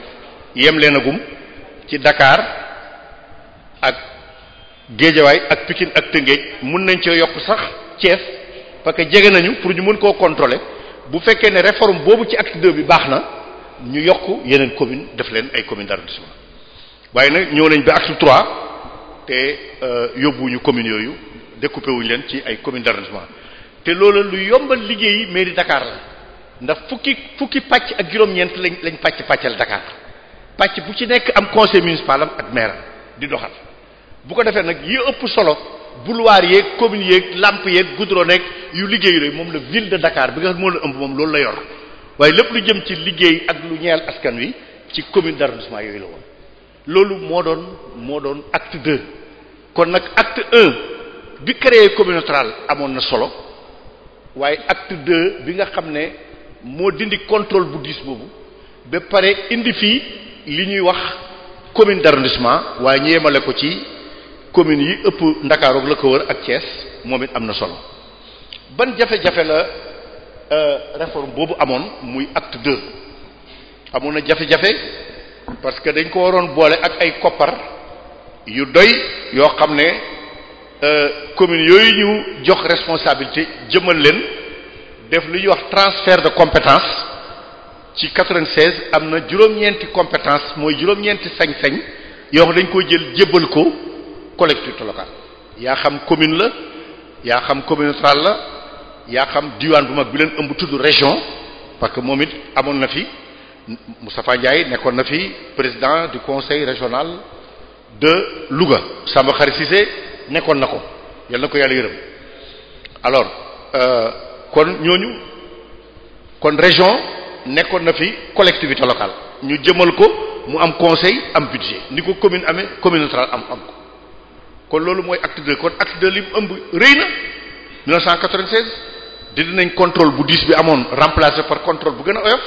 yem leen agum ci dakaar ak Géejawaay ak Pikine ak Tëngéej mun nañ ci yokk sax Thiès parce que jege nañu pour ñu mën koo contrôler bu fekkee ne réforme boobu ci ak 2 bi baax na ñu yokk yeneen commune def leen ay commune d'arrondissement waaye nag ñëw nañ bi ba acte 3 te euh, yóbbuwuñu commune yooyu découpé wuñu leen ci ay communes d'arrondissement te loolu lu yombal liggéey mairie dakaar la ndax fukki fukki pàcc ak juróom-ñeent lañ lañ pàcc pàccal Dakar pàcc bu ci nekk am conseil municipal am ak maire di doxal bu ko defee nag yi ëpp solo boulevard yeeg communes yeeg lamp yeeg goudron yeeg yu liggéey yooyu moom la ville de dakaar bi nga xam moo la ëmb moom loolu la yor waaye lépp lu jëm ci liggéey ak lu ñeel askan wi ci commune d'arrondissement yooyu la woon loolu moo doon moo doon acte nag acte bi créer communautaire amone solo waye acte deux bi nga xamné mo dindi contrôle bu bobu Be paré pare indi fi liñuy wax commune d'arrondissement waye ñu yemale ko ci commune yi ëpp Ndakaaru ak la ak Thiès momit amna solo ban jafé jafé la euh, réforme bobu amone muy acte deux amone jafé jafé parce que dañ ko waroon bolé ak ay copar yu doy yo xamné euh, communes yooyu ñu jox responsabilité de leen def transfert de compétence ci 96 am juroom compétences, compétence mooy sañ-sañ dañ ko jël ko collectivité locale xam commune la xam la xam bu bi région parce que momit amon na fi Ndiaye président du conseil régional de Louga Samba nekkoon na ko yal na ko yàlla yërëm alors euh, kon ñooñu kon région nekkoon na fi collectivité locale ñu jëmal ko mu am conseil am budget ni ko commune amee commune am am ko kon loolu mooy acte deux kon acte deux li mu ëmb rëy na 1996 dindi nañ contrôle bu diis bi amoon remplacé par contrôle bu gën a oyof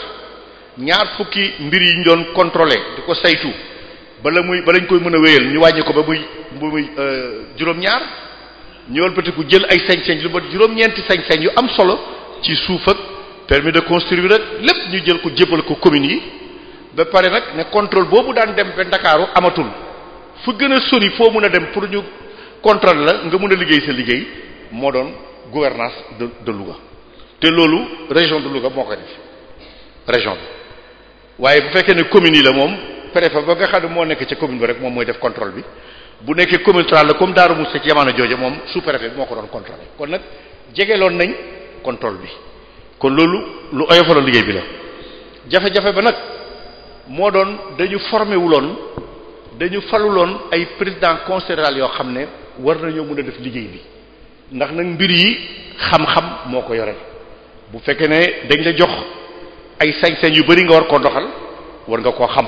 ñaar fukki mbir yi ñu doon contrôlé di ko saytu. bala muy bala ñu koy mën a wéyal ñu wàññi ko ba muy ba muy euh, juróom-ñaar ñu wëlbatiku jël ay sañ-sañ lu ba juróom-ñeenti sañ yu am solo ci suuf ak de construire rek lépp ñu jël ko jébal ko commune yi ba pare nag ne contrôle boobu daan dem ba ndakaaru amatul fu gën a sori foo mën a dem pour ñu contrôle la nga mën a liggéey sa liggéey moo doon gouvernance de de Louga te loolu région de Louga moo ko def région bi waaye bu fekkee ne commune yi la moom préfet ba nga xam ne moo nekk ca commune bi rek moom mooy def contrôle bi bu nekkee commune rurale la comme Darou musse ci yamaana jooja moom sous préfet bi moo ko doon contrôlé kon nag jegeloon nañ contrôle bi kon loolu lu oyofaloon liggéey bi la jafe-jafe ba nag moo doon dañu formé wuloon dañu faluloon ay président conseil rural yoo xam ne war nañoo mën a def liggéey bi ndax nag mbir yi xam-xam moo ko yore bu fekkee ne dañ la jox ay sañ-sañ yu bari nga war koo doxal war nga koo xam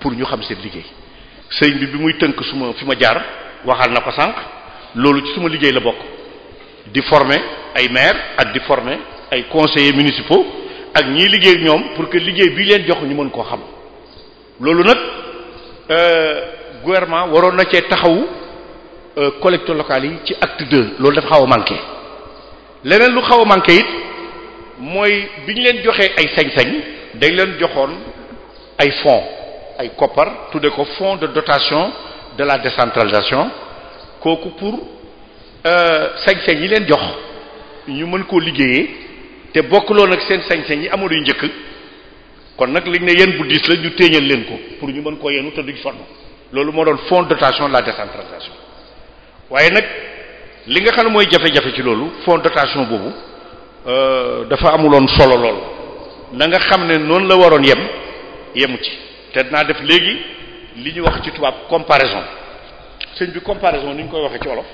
pour ñu xam seen liggéey sëñ bi bi muy tënk suma fi ma jaar waxal na ko sànq loolu ci suma liggéey la bokk di former ay maire ak di former ay conseillers municipaux ak ñiy liggéey ñoom pour que liggéey bi leen jox ñu mën koo xam loolu nag euh, gouvernement waroon na cee taxawu euh, collecte locale yi ci acte deux loolu dafa xaw a manqué leneen lu xaw a manqué it mooy bi ñu leen joxee ay sañ-sañ dañ leen joxoon ay fonds ay koppar tudde ko fonds de dotation de la décentralisation kooku pour euh, sañ-sañ yi leen jox ñu mën koo liggéeyee te bokk bokkuloo nag seen sañ yi amalu yu njëkk kon nag liñ ne yéen bu diis la ñu téeñal leen ko pour ñu mën koo yenu te duñ loolu moo doon fonds de la décentralisation waaye nag li nga xam ne mooy jafe-jafe ci loolu fonds de dotation boobu euh, dafa amuloon solo loolu na nga xam ne noonu la waroon yem yemu ci te dinaa def léegi li ñu wax ci tubaab comparaison sëñ bi comparaison ni ñu koy waxee ci wolof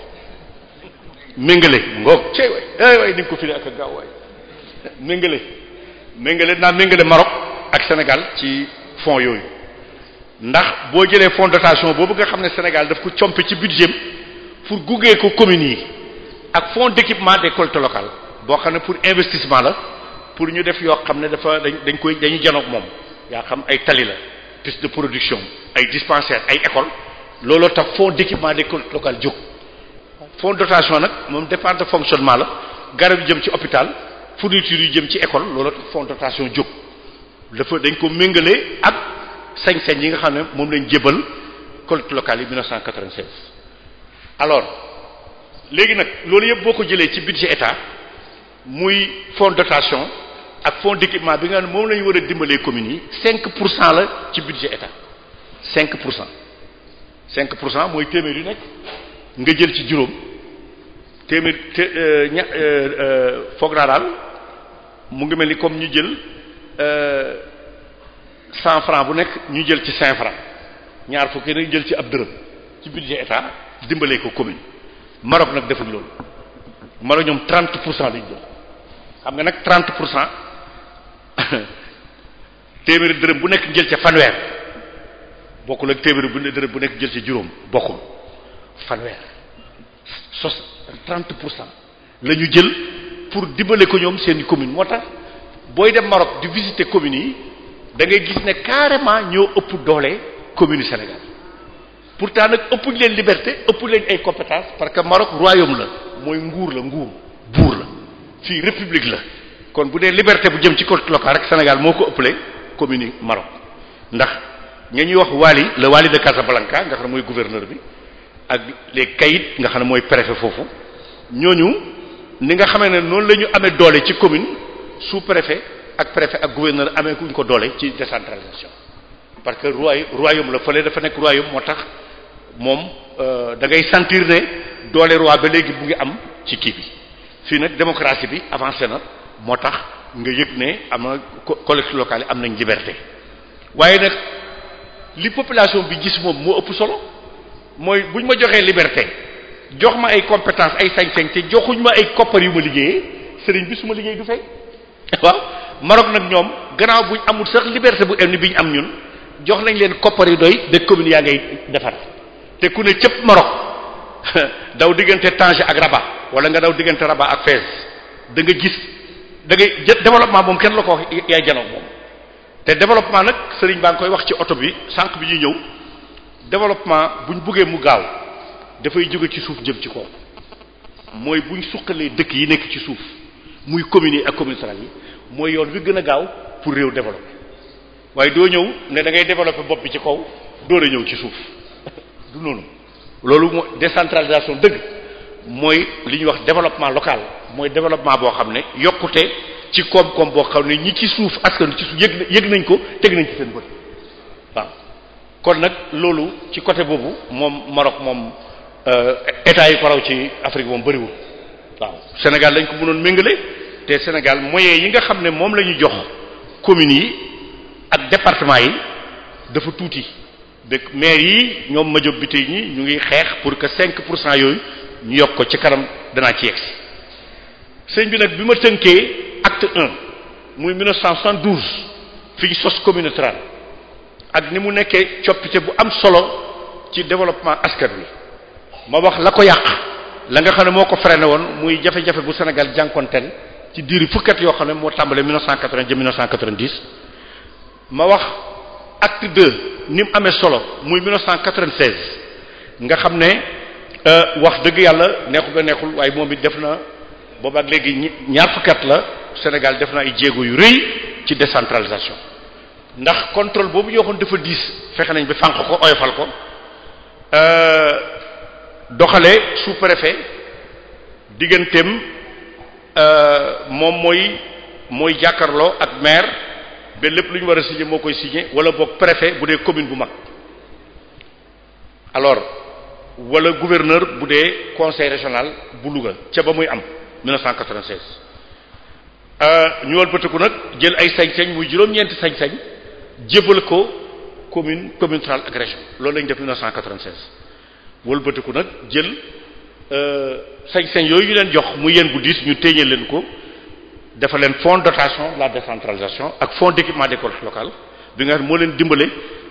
méngale ngoog cey waay eh ko fi ne ak a gaaw waay méngale naa méngale Maroc ak Sénégal ci fonds yooyu ndax boo jëlee fonds de dotation boobu nga xam ne Sénégal daf ko compé ci budget pour gungee ko communes yi ak fonds d'équipement des collectivités locales boo xam ne pour investissement la pour ñu def yoo xam ne dafa dañ dañ koy dañu janoog moom yaa xam ay tali la piste de production ay dispensaires ay écoles looloo tax fonds d'équipement des collectivités locales jóg fonds de dotation nag moom dépense de fonctionnement la garab yu jëm ci hôpital fourniture yu jëm ci école looloo tax fonds de dotation jóg dafa dañ ko méngale ak sañ-sañ yi nga xam ne moom lañ jébal collectivités locales yi 1996 alors léegi nag loolu yëpp boo ko jëlee ci budget état muy fonds de dotation ak fonds d'équipement bi nga xam ne moom la ñu war a dimbalee communes yi cinq pour cent la ci budget état cinq pour cent cinq pour cent mooy téeméer yu nekk nga jël ci juróom téeméer te euh, euh, euh, foog naa daal mu ngi mel ni comme ñu jël cent franc bu nekk ñu jël ci cinq franc ñaar fukki nag jël ci ab dërëm ci budget état dimbalee ko commune Maroc nag defuñ loolu Maroc ñoom 30 pour cent lañ jël xam nga nag 30 pour cent téeméeri dërëm bu nekk jël ca fanweer bokkul ak téeméeri bu dërëm bu nekk jël ca juróom bokkul fanweer sos trente pour cent la ñu jël pour dimbale ko ñoom seen commune moo tax booy dem Maroc di visiter communes yi da ngay gis ne carrément ñoo ëpp doole commune Sénégal pourtant nag ëppuñ leen liberté ëppuñ leen ay compétence parce que Maroc royaume la mooy nguur la nguur buur la fi république la kon bu liberté bu jëm ci code locale rek Sénégal moko ko commune Maroc ndax ña wax wali le wali de Casablanca nga xam ne gouverneur bi ak les kayit nga xam ne mooy préfet foofu ñooñu ni nga xamé né non lañu amé amee ci commune sous préfet ak préfet ak gouverneur amé kuñ ko doole ci décentralisation parce que roi royaume la fële dafa nek royaume motax mom moom euh, da ngay sentir né doole roi ba légui bu ngi am ci ki bi fi nak démocratie bi avancé na moo tax nga yëg ne am na collectivités locales yi am nañ liberté waaye nag li population bi gis moom moo ëpp solo mooy bu ñu ma joxee liberté jox ma ay compétence ay sañ-sañ te joxuñ ma ay koppar yu ma liggéeyee sëriñ bi su ma liggéey du fay waaw Maroc nag ñoom gannaaw buñ amul sax liberté bu em ni bi ñu am ñun jox nañ leen koppar yu doy de commune yaa ngay defar te ku ne cëpp Maroc daw diggante Tanger ak Rabat wala nga daw diggante Rabat ak Fès da nga gis da ngay jë développement moom kenn la ko wax yaay jalaw moom te développement nag sëriñ baa ngi koy wax ci oto bi sànq bi ñuy ñëw développement buñ buggee mu gaaw dafay jóge ci suuf jëm ci kaw mooy buñ suqalee dëkk yi nekk ci suuf muy communes yi ak communes rurales yi mooy yoon wi gën a gaaw pour réew développé waaye doo ñëw ne dangay ngay développé bopp bi ci kaw doo ñëw ci suuf du noonu loolu mooy décentralisation dëgg mooy li ñuy wax développement local mooy développement boo xam ne yokkute ci koom-koom boo xam ne ñi ci suuf askan ci suuf yëg yëg nañ ko teg nañ ci seen bët waaw kon nag loolu ci côté boobu moom Maroc moom euh, état yi ko raw ci Afrique moom bëriwul waaw Sénégal lañ ko mënoon méngale te Sénégal moyens yi nga xam ne moom la ñu jox communes yi ak département yi dafa tuuti dëkk maire yi ñoom ma job bi ñi ñu ngi xeex pour que 5 pour cent yooyu ñu yokk ko ci kanam danaa ci yegsi sëñ bi nag bi ma tënkee acte un muy 1972 fi ñu sos commune Tran ak ni mu nekkee coppite bu am solo ci développement askan wi ma wax la ko yàq la nga xam ne moo ko freiné woon muy jafe-jafe bu Sénégal jànkonteel ci diiri fukkat yoo xam ne moo tàmbalee 1980 jëm 1990 ma wax acte ni mu amee solo muy 1996 nga xam ne. Euh, wax dëgg yàlla neexul ba neexul waaye moom it def na booba ak léegi ñaar fukkat la Sénégal def na ay jéego yu rëy ci décentralisation ndax contrôle boobu ñu waxoon dafa diis fexe nañ ba fànq ko oyofal ko euh, doxalee sous-préfet digganteem euh, moom mooy mooy jàkkarloo ak maire ba lépp lu ñu war a signé moo koy signé wala boog préfet bu dee commune bu mag alors le gouverneur du conseil régional Boulogne am 1996 euh, ñu nak jël ay sañ-sañ muy juroom ñent sañ-sañ ko commune communautaire région loolu lañ def 1996 nak jël euh, sañ-sañ yoyu ñu leen jox mu yeen bu 10 ñu leen ko fonds dotation la décentralisation ak fonds d'équipement d'école bi nga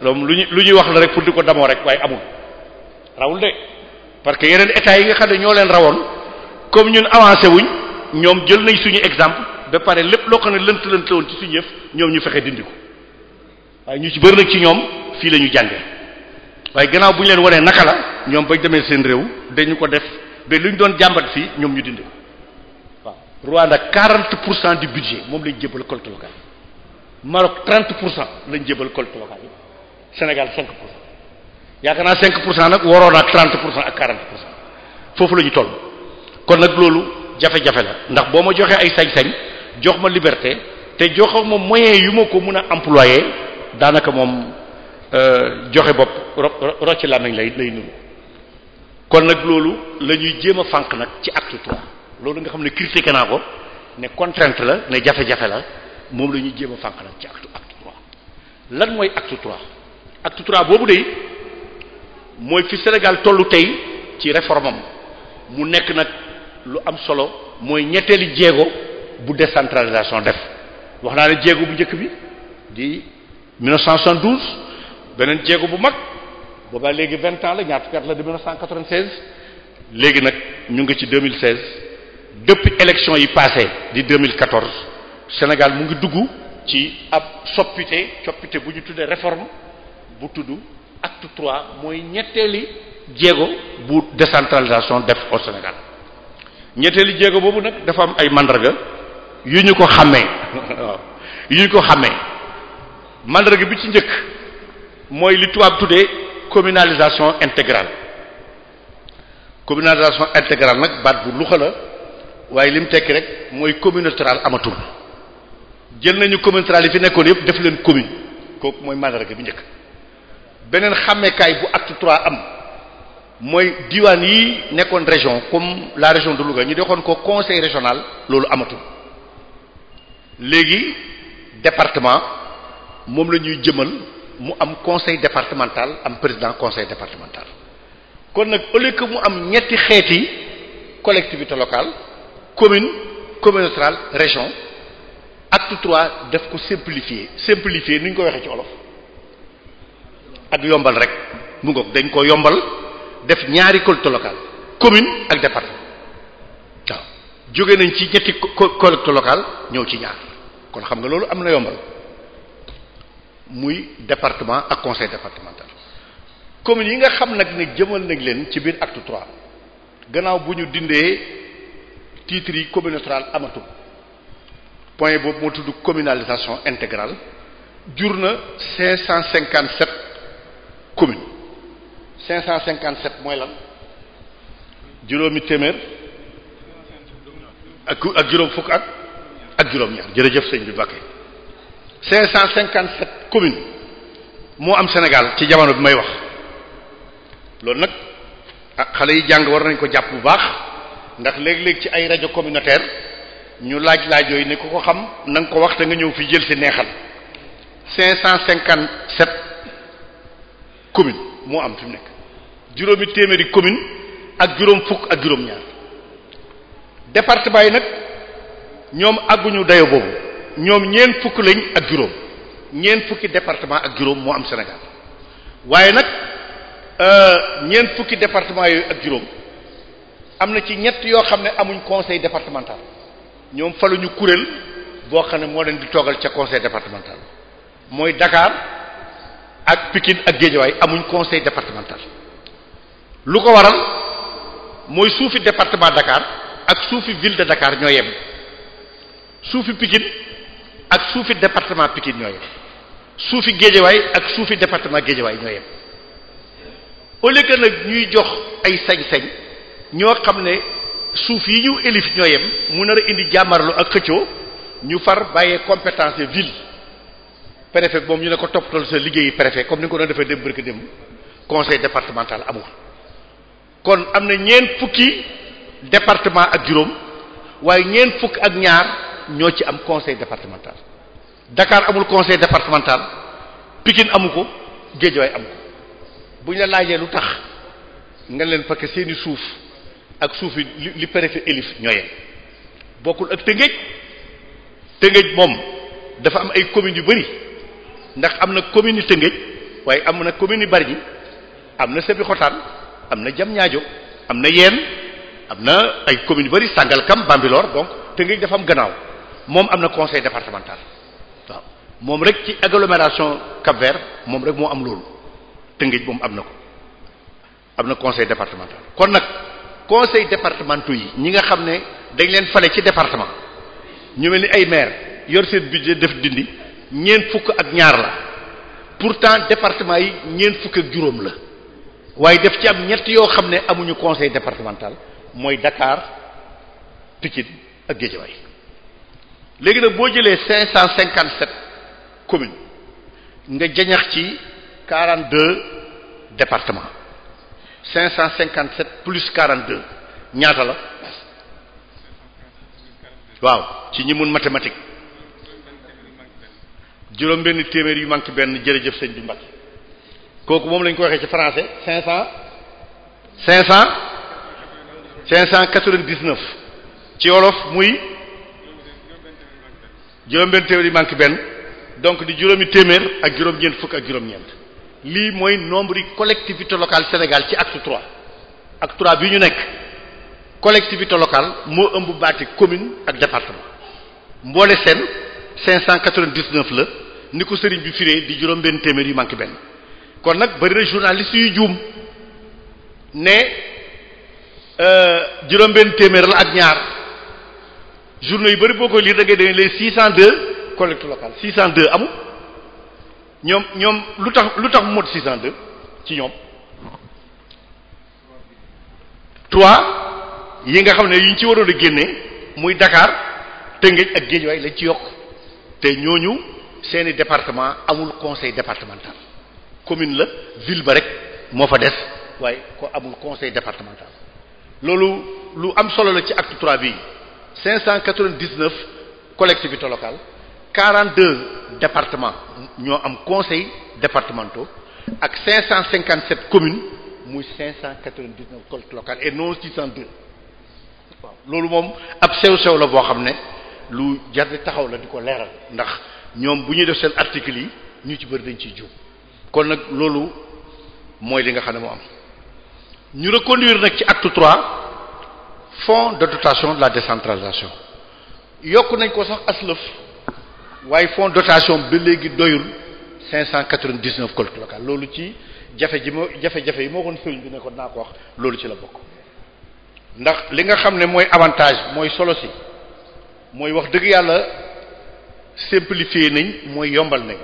loolu lu ñu lu ñuy wax la rek pour di ko damoo rek waaye amul rawul de parce que yeneen état yi nga xam ne ñoo leen rawoon comme ñun avancé wuñ ñoom jël nañ suñu exemple ba pare lépp loo xam ne lënt lënt woon ci suñu yëf ñoom ñu fexe dindi ko waaye ñu ci bëri nag ci ñoom fii la ñu jàngee waaye gannaaw bu ñu leen wanee naka la ñoom bañ demee seen réew dañu ko def ba lu ñu doon jàmbat fii ñoom ñu dindi ko waaw Rwanda 40 pour cent du budget moom lañ jébal collecte locale Maroc 30 pour cent lañ jébal collecte Sénégal 5 pour yaakaar naa 5 pour nag waroon naa 30 pour cent ak foofu la ñu toll kon nag loolu jafe-jafe la ndax boo ma joxee ay sañ-sañ jox ma liberté te joxaw ma moyen yu ma ko mun a employé daanaka moom euh, joxe bopp rocc làmmiñ lay lay nuru kon nag loolu la ñuy jéem a fànq nag ci acte trois loolu nga xam ne critiqué naa ko ne contrainte la ne jafe-jafe la moom la ñuy jéem a fànq nag ci acte acte trois lan mooy acte trois ak tutura boobu de mooy fi Sénégal tollu tey ci réforme am mu nekk nag lu am solo mooy ñetteeli jéego bu décentralisation def wax naa ne jéego bu njëkk bi di 1972 beneen jéego bu mag boobaa léegi vingt ans la ñaar fukki at la di 1996 léegi nag ñu ngi ci 2016 depuis élection yi passé di 2014 Sénégal mu ngi dugg ci ab soppite coppite bu ñu tuddee réforme bu tudd acte trois moy ñetteli djego bu décentralisation def au Sénégal ñetteli djego bobu n'ak dafa am ay mandarga yu ñu ko xamé yu ñu ko xamé mandarga bi ci ñëk moy li tubaab tuddee communalisation intégrale communalisation intégrale n'ak baat bu luxa la waaye li mu rek moy communautaire amatul jël nañu communautaire fi nekkone yëpp def leen commune kooku moy mandarga bi ñëk xamé kay bu acte 3, am yi région comme la région de Louga ñu conseil régional département mom am conseil départemental am président conseil départemental kon au mu collectivité locale commune commune, région acte 3 daf simplifier simplifier nous ko ak yombal rek mu dañ ko yombal def locale commune département waaw nañ ci ñetti locale ci ñaar kon xam nga muy département ak conseil départemental commune yi nga xam nak nañ leen ci acte 3 titre point communalisation intégrale jurna 557 commune cinq cent cinquante sept mooy lan juróomi téeméer ak ak juróom fukk ak ak juróom-ñaar jërëjëf sëñ bi Bakke cinq cent cinquante sept moo am Sénégal ci jamono bi may wax loolu nag ah xale yi jàng war nañ ko jàpp bu baax ndax léegi léeg ci ay rajo communautaire ñu laaj laajo yi ne ku ko xam na ko wax te nga ñëw fi jël si neexal commune moo am fi mu nekk juróomi téeméeri commune ak juróom fukk ak juróom ñaar département yi nag ñoom àgguñu dayo boobu ñoom ñeent fukk lañ ak juróom ñeent fukki département ak juróom moo am Sénégal waaye nag euh, ñeent fukki département yooyu ak juróom am na ci ñett yoo xam ne amuñ conseil départemental ñoom faluñu kuréel boo xam ne moo leen di toogal ca conseil départemental mooy Dakar ak Pikine ak Guédiawaye amuñ conseil départemental lu ko waral mooy suufi département Dakar ak suufi ville de Dakar ñoo yem suufi Pikine ak suufi département Pikine ñoo yem suufi Guédiawaye ak suufi département Guédiawaye ñoo yem ole lieu que nag ñuy jox ay sañ-sañ ñoo xam ne suuf yi ñu élif ñoo yem mu nar a indi jàmmarlu ak xëccoo ñu far bàyyee compétence ville préfet moom ñu ne ko toppatoo sa liggéeyu préfet comme ni nga ko doon defee démb barki démb conseil départemental amul kon am na ñeent fukki département ak juróom waaye ñeent fukk ak ñaar ñoo ci am conseil départemental Dakar amul conseil départemental Pikine amu ko Guédiawaye amu ko bu ñu la laajee lu tax nga leen parce que seeni suuf ak suuf yi li préfet élif ñoo yem bokkul ak Tëngéej Tëngéej moom dafa am ay communes yu bari ndax am na commune Tëngéej waaye am na commune Bargny am na Sébikotane am na jam ñaajo am na Yène am na ay commune bari Sangalkam Bambilor donc Tëngéej dafa am gannaaw moom am na conseil départemental waaw moom rek ci agglomération Cap-Vert moom rek moo am loolu Tëngéej moom am na ko am na conseil départemental kon nag conseil départementaux yi ñi nga xam ne dañ leen fale ci département ñu mel ni ay maire yor seen budget def dindi ñeent fukk ak ñaar la pourtant département yi ñeent fukk ak juróom la waaye def ci am ñett yoo xam ne amuñu conseil départemental mooy Dakar Pikine ak Guédiawaye léegi nag boo jëlee cinq cent cinquante sept nga jañax ci quarante deux départements cinq cent cinquante sept plus quarante ñaata la waaw ci ñi mun mathématique juróom benn téeméer yu manqué benn jërëjëf sëñ bi Mbacke kooku moom lañ ko waxee ci français cinq cent cinq cent cinq cent quatre vingt dix ci wolof muy juróom benn téeméer yu manqué benn donc di juróomi téeméer ak juróom-ñeent fukk ak juróom-ñeent lii mooy nombre yi collectivité locale Sénégal ci acte trois acte trois bi ñu nekk collectivité locale moo ëmb baati commune ak département mboole seen 599 la ni ko sëriñ bi firee di juróom benn téeméer yu manqué benn kon nag bari na journaliste yu juum ne euh, juróom benn téeméer la ak ñaar journaux yu bari boo koy lire da ngay demee les 602 collecte locale 602 amul ñoom ñoom lu tax lu tax mot 602 ci ñoom trois yi nga xam ne yi ñu ci waroon a génne muy Dakar Tëngéej ak Géejawaay lañ ci yokk te ñooñu. départements département amul conseil départemental commune la ville ba rek moo fa conseil départemental lolou lu am solo la ci acte 599 collectivités locales 42 départements ño am conseil départemental ak 557 communes ont 599 collectivités locales et non 602 waaw loolu a ab sew sew la bo xamne lu jar taxaw la diko leral ñom buñu def sen article yi ñu ci bëri dañ ci juum kon nak lolu moy li nga xam mo am ñu reconduire nak ci acte 3 fonds de dotation de la décentralisation yokk nañ ko sax aslëf way fonds dotation bi légui doyul 599 cent quatre vingt collectivités locales loolu ci jafé ji ma jafé jafe yi mo kon sëriñ bi ne ko naa ko wax lolu ci la bok ndax li nga xam moy avantage moy solo ci moy wax dëgg yalla simplifier nañ moy yombal nañ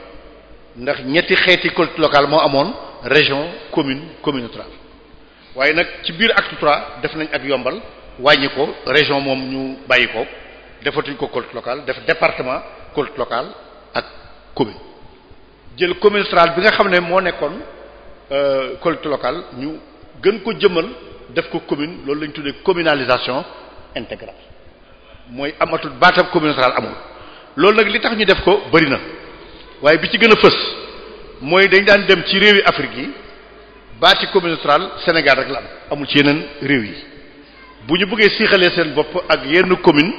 ndax ñetti xeeti collectivité local mo amone région commune commune rurale waaye nak ci biir acte 3 def nañ ak yombal wàññi ko région mom ñu bayiko defatuñ ko collectivité local def département collectivité local ak commune jël communauté rurale bi nga xamné mo moo euh collectivité local ñu gën ko jëmmal def ko commune loolu lañ tuddé communalisation intégrale moy amatu batam communauté amul loolu nag li tax ñu def ko bëri na waaye bi ci gën a fës mooy dañ daan dem ci réew réewi Afrique yi commune communautarale Sénégal rek la am amul ci yeneen réew yi bu ñu bëggee siixalee seen bopp ak yenn commune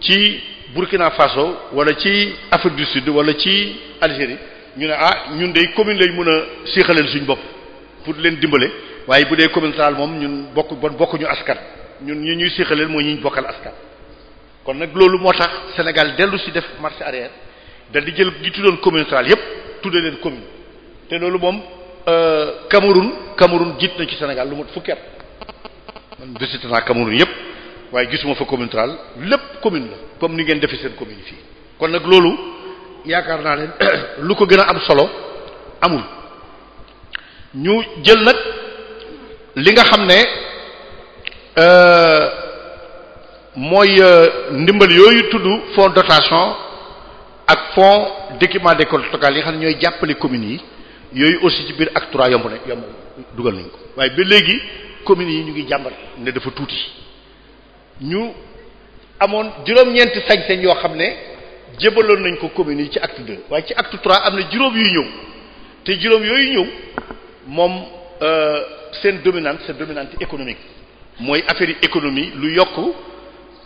ci Burkina Faso wala ci Afrique du Sud wala ci Algérie ñu ne ah ñun de commune lañ mën a siixaleel suñu bopp pour leen dimbale waaye bu dee commune communautarale moom ñun bokk bon bokkuñu askan ñun ñi ñuy siixaleel mooy ñi ñu bokkal askan. kon nag loolu moo tax Sénégal dellu si def marche arrière dal di jël di tuddoon commune rurale yépp tudde leen commune te loolu moom euh, Cameroun Cameroun jiit na ci Sénégal lu mat fukki at man visité naa Cameroun yépp waaye gisuma fa commune rurale lépp commune la comme ni ngeen defe seen commune fii kon nag loolu yaakaar naa leen lu ko gën a am solo amul ñu jël nag li nga xam ne euh, mooy euh, ndimbal yooyu tudd fonds dotation ak fonds d'équipement décole collectivités yi nga xam ne ñooy jàppale communes yi yooyu aussi ci biir acte trois yomb na yomb dugal nañ ko waaye ba léegi commune yi ñu ngi jàmbat ne dafa tuuti ñu amoon juróom-ñeenti sañ-sañ yoo xam ne jébaloon nañ ko communes yi ci acte deux waaye ci acte trois am na juróom yuy ñëw te juróom yooyu ñëw moom euh, seen dominante seen dominante économique mooy affaire yi économie lu yokk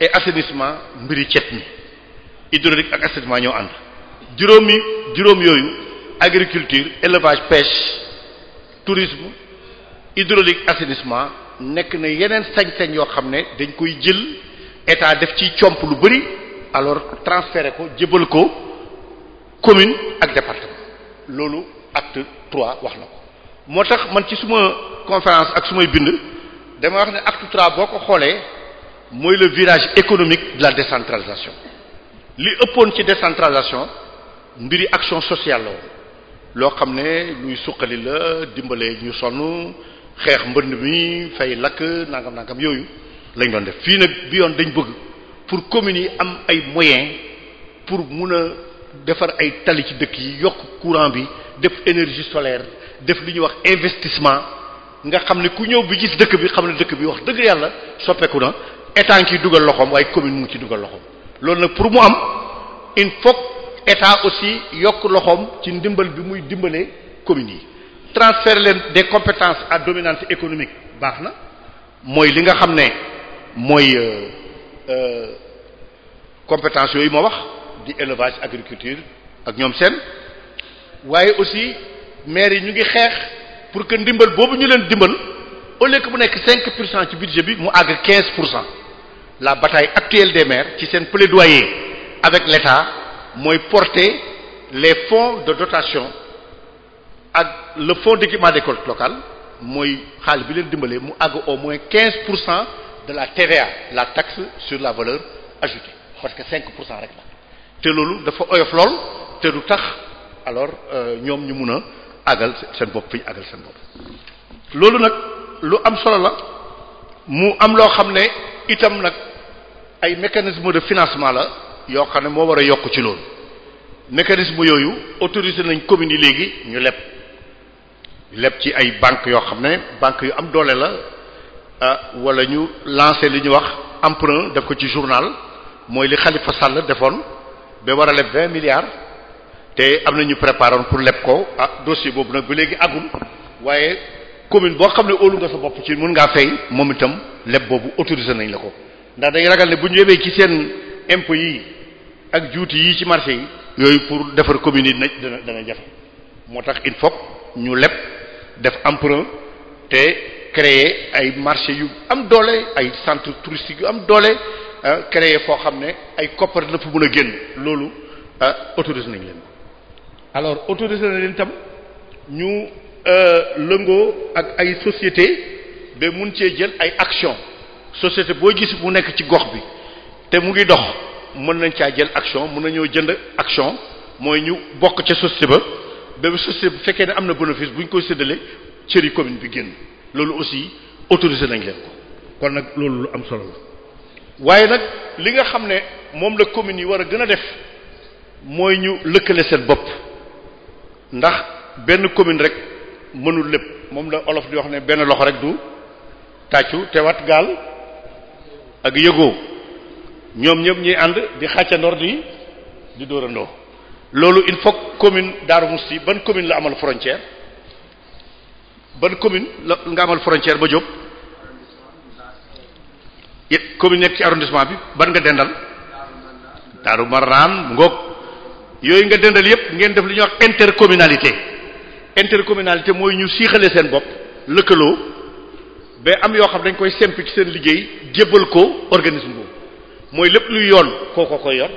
et assainissement mbiri cet hydraulique ak assainissement ñoo ànd juróomi juróom yoyu agriculture élevage pêche tourisme hydraulique assainissement nek na yenen sañ-sañ yo xamne dañ koy jël état def ci comp lu bari alors transféré ko djebal ko commune ak département lolu acte 3 wax nako motax man ci suma conférence ak sumay bind dama wax ni acte 3 boko xolé moy le virage économique de la décentralisation li ëppoon ci décentralisation mbiri action sociale lo woon loo xam luy suqali la dimbalé ñu sonu xex mbënd mi fay lak nangam nangam yoyu lañ doon def fi nak bi yoon dañ bëgg pour communes am ay moyens pour mëna a defar ay tali ci dëkk yi yok courant bi def énergie solaire def li ñu wax investissement nga xamné ku ñew bi gis dëkk bi xamné dëkk bi wax dëgg yàlla soppeku na état ngi dougal loxom way commune mu ci dougal loxom lolou nak pour mu am il faut état aussi yok loxom ci ndimbal bi muy dimbalee commune yi transfert len des compétences à dominante économique baxna moy li nga xam ne euh, euh compétences yooyu mo wax di élevage agriculture ak ñom sen waye aussi maire yi ñu ngi xex pour que ndimbal bobu ñu len dimbal au lieu que 5 du budget bi mu a 15 la bataille actuelle des maires qui s'est plaidoyer avec l'État Pour porter les fonds de dotation le fonds d'équipement des collectivités locales mooy a au moins 15 de la TVA la taxe sur la valeur ajoutée parce que 5 pour cent rek la te loolu dafa alors nous euh, ñu mun a àggal fi agal sen bop lu am solo la mu am loo xam ne itam nag ay mécanisme de financement la yoo xam ne moo war a yokk ci loolu mécanisme yooyu autorisé nañ communes yi léegi ñu leb leb ci ay banques yoo xam ne banque yu am doole la ah wala ñu lancé li ñuy wax emprunt def ko ci journal mooy li Khalifa Sall defoon ba war a leb vingt milliards te am na ñu préparé pour leb ko ah dossier boobu nag ba léegi agul waaye commune bo xamné ne óolu nga sa bop ci mun nga fay moom itam leb bobu autoriser nañ la ko ndax dañu ragal ne buñu yébé ci sen impôts yi ak djouti yi ci marché yi yooyu pour défer commune yi nag dana dana jafe moo tax il faut ñu leb def emprunt té créer ay marché yu am doolé ay centre touristique yu am doole ah, créer fo xamné ay koppar la fa mën a génn loolu ah, nañ leen alors autoriser nañ leen itam ñu euh, lengo ak ay société be mun ci jël ay action société bo gis bu nek ci gox bi te mu ngi dox mën nañ caa jël action mën nañu jënd action moy ñu bok ci société ba be société bu fekkee ne am bénéfice buñ ko koy séddale cëri commune bi génn lolu aussi autorisé nañ leen ko kon nak lolu lu am solo la waaye nag li nga xamné mom la commune yi wara gëna def moy ñu lëkkale seen bop ndax benn commune rek mënul lépp moom la olof di wax ne benn loxo rek du tàccu tewat gaal ak yëgoo ñoom ñëpp ñuy ànd di xàccandoor di di dóorandoo loolu il faut commune Darou Moukhty ban commune la amal frontière ban commune la nga amal frontière ba jóg commune nekk ci arrondissement bi ban nga dendal Darou Marnane ngoog yooyu nga dendal yëpp ngeen def li ñuy wax intercommunalité intercommunalité mooy ñu siixale seen bopp lëkkaloo ba am yoo xam dañ koy semp ci seen liggéey jébbal ko organisme boobu mooy lépp luy yoon kooko koy yor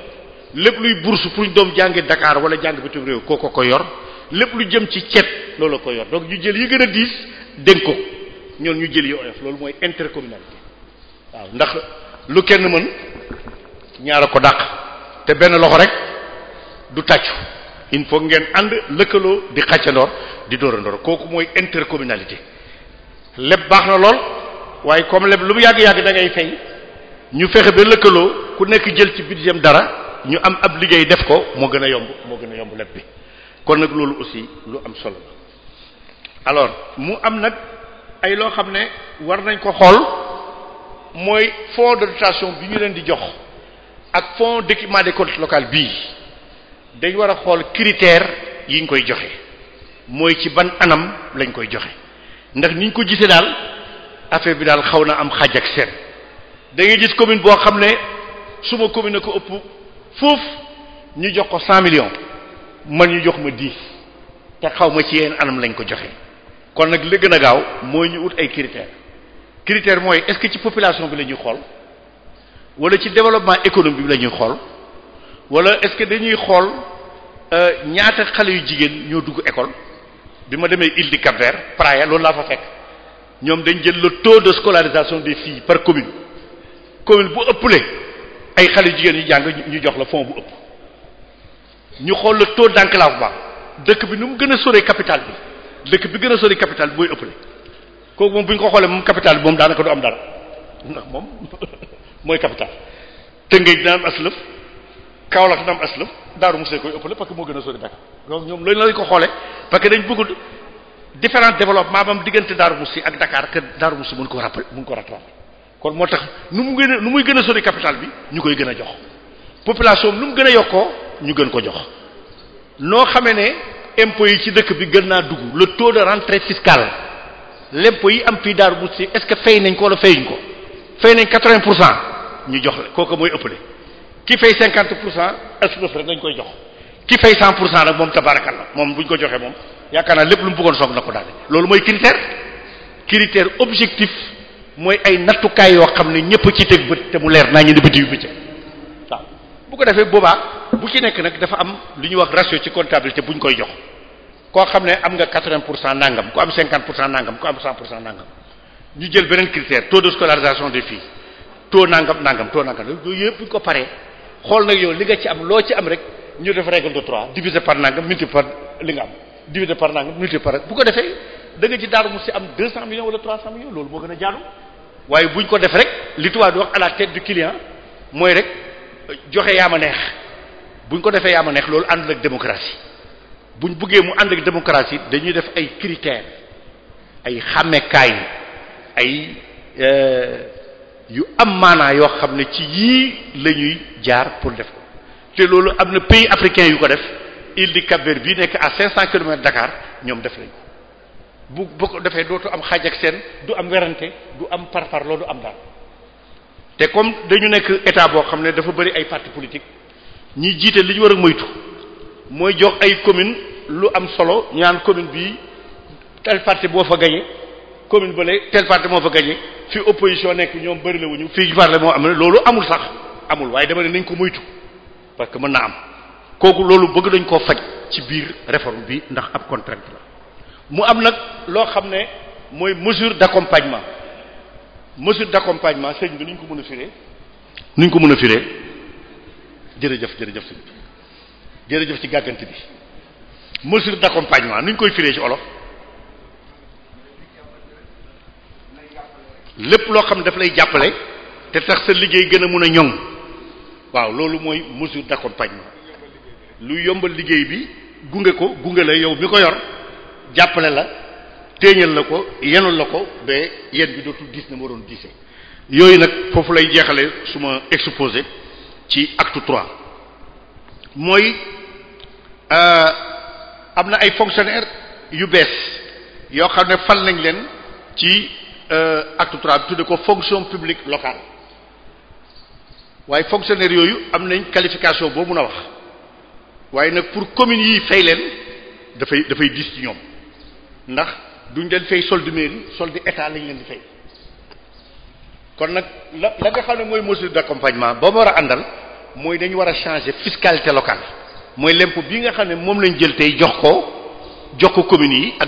lépp luy bourse pour ñu doom jàngi Dakar wala jàng bitim réew kooko koy yor lépp lu jëm ci cet loolu ko yor donc ñu jël yi gën a diis dénk ko ñoon ñu jël yi oyof loolu mooy intercommunalité waaw ndax lu kenn mën ñaar a ko dàq te benn loxo rek du tàccu il faut ngeen and lëkkaloo di xàccandoor di dóorandoor koku moy intercommunalité leb baax na lool waaye comme leb lu yag yag da ngay fay ñu fexé ba lëkkaloo ku nekk jël ci budget dara ñu am ab liggéey def ko mo gëna yomb mo gëna yomb leb bi kon nak loolu aussi lu am solo alors mu am nak ay lo xamné war nañ ko xol moy fonds de dotation bi ñu leen di jox ak fonds d'équipement des collectivités locales bi dañ war a xool critère ñu koy joxe mooy ci ban anam lañ koy joxe ndax niñ ko gisee daal affaire bi daal xaw na am xaaj ak seen da ngay gis commune boo xam ne suma commune a ko ëpp fuuf ñu jox ko cent millions man ñu jox ma dix te xaw ma ci yenn anam lañ ko joxe kon nag li gën a gaaw mooy ñu ut ay critères critères mooy est-ce que ci population bi la ñuy xool wala ci développement économique bi la ñuy xool wala est-ce que dañuy xool euh, ñaata xale yu jigéen ñoo dugg école bi ma demee île du Cap-Vert loolu laa fa fekk ñoom dañ jël la taux de scolarisation des filles par commune commune bu ëpplee ay xale yu jigéen yu jàng ñu jox la fond bu ëpp ñu xool le taux ba dëkk bi nu mu gën a sore capital bi dëkk bi gën a sore capital bi mooy ëppale kooku moom bu ñu ko xoolee moom capital bi moom daanaka du am dara ndax moom mooy capitale te ngay dina am Kaolack na am aslëf Daaru Musse koy ëppale parce que moo gën a sori Dakar donc ñoom loolu lañ ko xoolee parce que dañ bëgg différent développement bam diggante Daaru Musse ak Dakar que Daaru Musse mën ko rappel mën ko rattraper kon moo tax nu mu gën a nu muy gën a sori capital bi ñu koy gën a jox population lu mu gën a yokkoo ñu gën ko jox noo xamee ne impôts yi ci dëkk bi gën naa dugg le taux de rentrée fiscale l'impôt yi am fii Daaru Musse est-ce que fay nañ ko wala fayuñ ko fay nañ 80 pour cent ñu jox la kooku mooy ëppale ki fay cinquante pour cent espèce rek dañ koy jox ki fay cent pour cent nag moom tabarakallah moom bu ñu ko joxee moom yaakaar naa lépp lu mu bëggoon soog na ko daal loolu mooy critère critère objectif mooy ay nattukaay yoo xam ne ñëpp ci teg bët te mu leer naa ñu di bët yu bëccëg waaw bu ko defee boobaa bu ci nekk nag dafa am lu ñuy wax ratio ci comptabilité bu ñu koy jox koo xam ne am nga quatre-vingts pour cent nangam ku am cinquante pour cent nangam ku am cent pour cent nangam ñu jël beneen critère taux de scolarisation des filles taux nangam nangam taux nangam yooyu yëpp ko paree. xool nag yow li nga ci am loo ci am rek ñu def règle de trois divisé par nangam multiplié par li nga am divisé par nangam multiplié par bu ko defee da nga ci daaru mu si am deux cent millions wala trois cent millions loolu moo gën a jaadu waaye buñ ko def rek li tubaab di wax à la tête du mooy rek joxe yaa ma neex buñ ko defee yaa ma neex loolu àndul ak démocratie ñu buggee mu ànd ak démocratie dañuy def ay critères ay xàmmekaay ay euh, yu am maanaa yoo xam ne ci yii la jaar pour def ko te loolu am na pays africain yu ko def île du Cap-Vert bii nekk à 500 kilomètres Dakar ñoom def nañ bu bu ko defee dootu am xaaj ak seen du am werante du am par parpar loolu am daal te comme dañu nekk état boo xam ne dafa bëri ay parti politique ñi jiite li ñu war a moytu mooy jox ay commune lu am solo ñaan commune bi tel parti boo fa gañe commune bele tel parti mo fa gagné fi opposition nek ñom bëri la wuñu fi parle moo am lolu amul sax amul waye dama ne nañ ko moytu parce que mën na am kooku loolu bëgg dañ ko faj ci biir réforme bi ndax ab contrainte la mu am nak lo xam moy mesure d'accompagnement mesure d'accompagnement sëñ bi nuñ ko mëna a firee nuñ ko mëna a firee jërëjëf jërëjëf sëñ bi jërëjëf ci gàggante bi mesure d'accompagnement nuñ koy firee ci olof lépp loo xam ne daf lay jàppale te tax sa liggéey gën a mun a ñoŋ waaw loolu mooy mesure d'accompagnement lu yombal liggéey bi gunge ko gunge la yow mi ko yor jàppale la téeñal la ko yenul la ko ba yen bi dootul gis na ma waroon diisee yooyu nag foofu lay jeexale su ma exposé ci acte trois mooy euh, am na ay fonctionnaires yu bees yoo xam ne fal nañ leen ci Euh, acte 3, tout tudde fonction publique locale waye fonctionnaire yoyu am qualification wax pour communier yi fay fay da fay ci solde mairie solde état lañ di la d'accompagnement bo fiscalité locale moy pour bi nga mom lañ jël jox ko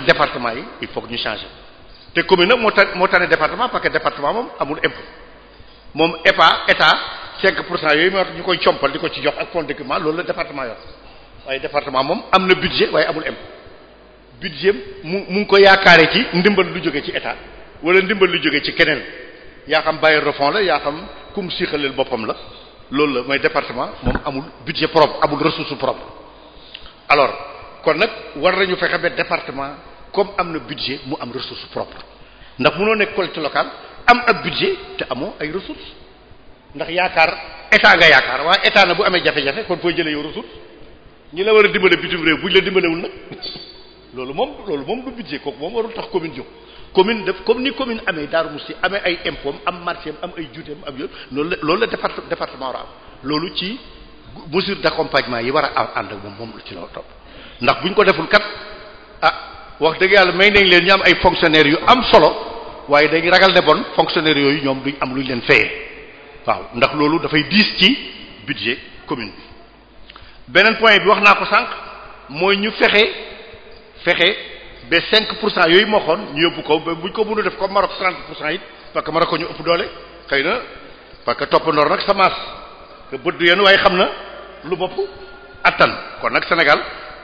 département il faut que ñu changer te commune nag moo tax moo tane département parce que département moom amul impôt moom EPA état yooyu moo ñu koy compal di ko ci jox ak fond d'équipement loolu la département yor waaye département moom am na budget waaye amul impôt budget mu mu ngi ko yaakaare ci ndimbal lu jóge ci état wala ndimbal lu jóge ci keneen yaa xam bailleur de la yaa xam kum siixaleel boppam la loolu la mooy département amul budget propre amul ressource propre alors kon nag war nañu fexe ba département comme am na budget mu am ressource propre ndax mënoo nek collectivité locale am ab budget te amo ay ressources ndax yaakaar état nga yaakaar wa état na bu amé jafé jafé kon fo jëlé yow ressource ñi la war dimbalé dimbale rew réew buñ la wul nak lolu mom lolu mom du budget kok mom warul tax commune jox commune def comme ni commune amé daru Mousty amé ay impôts am marché am ay juuteem am yooyu loolu la la département war lolu ci mesure d'accompagnement yi wara and ak mom mom la ci la top ndax buñ ko deful kat wax dëgg yàlla may nañ leen ñu am ay fonctionnaires yu am solo waaye dañ ragal ne bon fonctionnaires yooyu ñoom duñ am luñ leen fayee waaw ndax loolu dafay diis ci budget commune bi beneen point bi wax naa ko sànq mooy ñu fexe fexe ba 5 pour cent yooyu moo xoon ñu yóbbu ko ba buñ ko mënu def ko Maroc 30 pour cent it parce que Maroc ko ñu ëpp doole xëy na parce que toppandoor nag sa maas que bët yenn waaye xam na lu bopp attan kon nag Sénégal.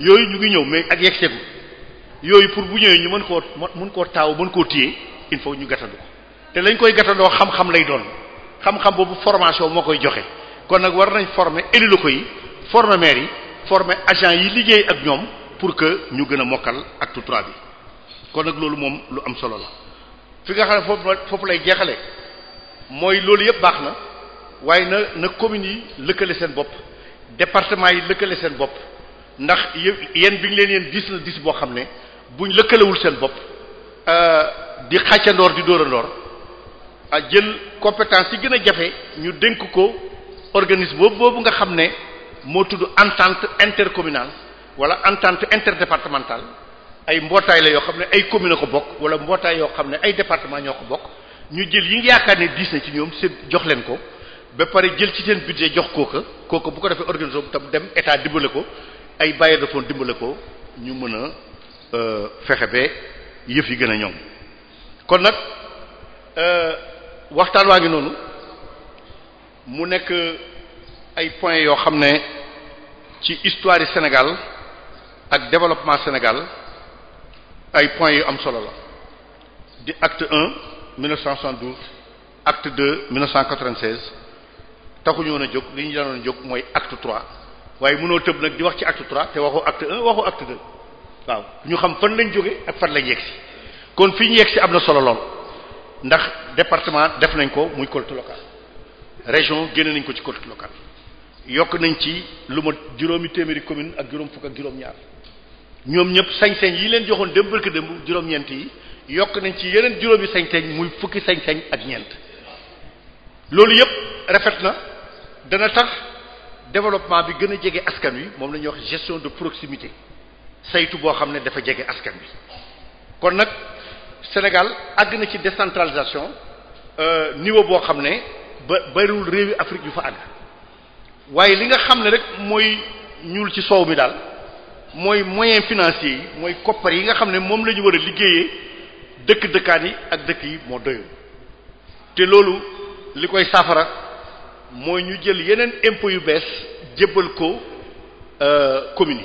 yooyu ñu ngi ñew mais ak pour bu ñew ñu mën ko mën ko il faut ñu ko lañ koy xam-xam lay doon xam-xam bobu formation mo koy joxé kon nak war nañ former élu yi yi former agent yi liggéey pour que ñu gëna a ak tout kon que lolu mom lu am solo la fi nga xam ne lay le moy lolu yëpp baxna na département ndax yéen bi ñu leen yéen dis la dis boo xam ne bu buñ lëkkalewul seen bopp euh, di xàccandoor di dóorandoor a jël compétence yi gën a jafe ñu dénk ko organisme boobu boobu nga xam ne moo tudd entente intercommunale wala entente interdépartementale ay mbootaay la yoo xam ne ay commune a ko bokk wala mbootaay yoo xam ne ay département ñoo ko bokk ñu jël yi ngi yaakaar ne diis na ci ñoom seen jox leen ko ba pare jël ci seen budget jox kooka kooka bu ko defee organisme tam dem état dimbale ko ay bailleurs de fonds dimbale ko ñu mën a euh, fexe ba yëf yi gën a ñoŋ kon nag euh, waxtaan waa ngi noonu mu nekk ay points yoo xam ne ci histoire yi Sénégal ak développement Sénégal ay points yu am solo la di acte 1 1972 acte 2 1996 taxu ñoo a jóg li ñu daan jóg mooy acte 3 waaye mënoo tëb nag di wax ci acte 3 te waxoo acte 1 waxoo acte 2 waaw ñu xam fan lañ jóge ak fan lañ yegsi kon fi ñu yegsi am na solo lool ndax département def nañ ko muy collecte locale région génne nañ ko ci collecte locale yokk nañ ci lu ma juróomi téeméeri commune ak juróom fukk ak juróom ñaar ñoom ñëpp sañ-sañ yi leen joxoon démb barke démb juróom-ñeent yi yokk nañ ci yeneen juróomi sañ-sañ muy fukki sañ-sañ ak ñeent loolu yëpp rafet na dana tax développement bi gën a jege askan wi moom la ñuy wax gestion de proximité saytu boo xam ne dafa jege askan bi kon nag Sénégal àgg na ci décentralisation euh, niveau boo xam ne ba bariwul réewi Afrique yu fa àgg waaye li nga xam ne rek mooy ñuul ci soow mi daal mooy moyen financier yi mooy koppar yi nga xam ne moom la ñu war a liggéeyee dëkk dëkkaan yi ak dëkk yi moo doyul te loolu li koy saafara mooy ñu jël yeneen impôt yu bees jébbal ko euh, commune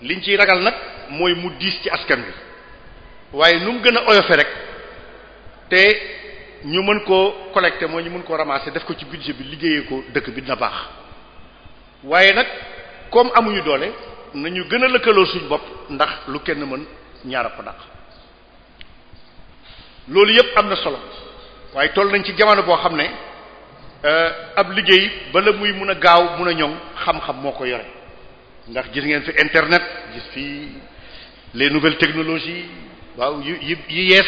yi liñ ciy ragal nag mooy mu diis ci askan bi waaye nu mu gën a oyofe rek te ñu mën koo collecté mooy ñu mën koo ramasser def ko ci budget bi liggéeyee ko dëkk bi dina baax waaye nag comme amuñu doole nañu gën a lëkkaloo suñ bopp ndax lu kenn mën ñaara ko dàq loolu yëpp am na solo waaye tool nañ ci jamono boo xam ne Euh, ab liggéey bala muy mun a gaaw mun a xam-xam moko yoré ndax gis ngeen fi internet gis fi les nouvelles technologies waaw yu yi yi yees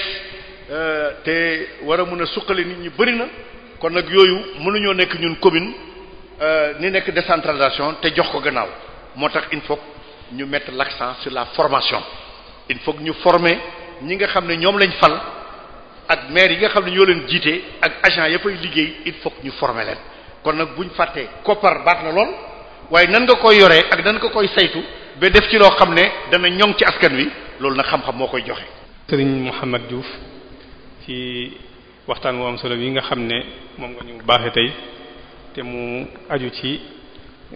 euh, te wara a mun nit ñi bari na kon yoyu yooyu mënuñoo nek ñun commune euh, ni nek décentralisation té jox ko gannaaw motax il faut ñu mettre l'accent sur la formation il faut ñu former ñi nga xam ne ñoom lañ fal ak maire yi nga xam ne ñoo leen jiite ak agent ya fay liggéey il faut ñu former leen kon nag buñ fàttee koppar baax na lool waaye nan nga koy yoree ak nan nga koy saytu ba def ci loo xam ne dana ñoŋ ci askan wi loolu nag xam-xam moo koy joxe. Serigne Mouhamed Diouf ci waxtaan wu am solo yi nga xam ne moom nga ñu baaxee tey te mu aju ci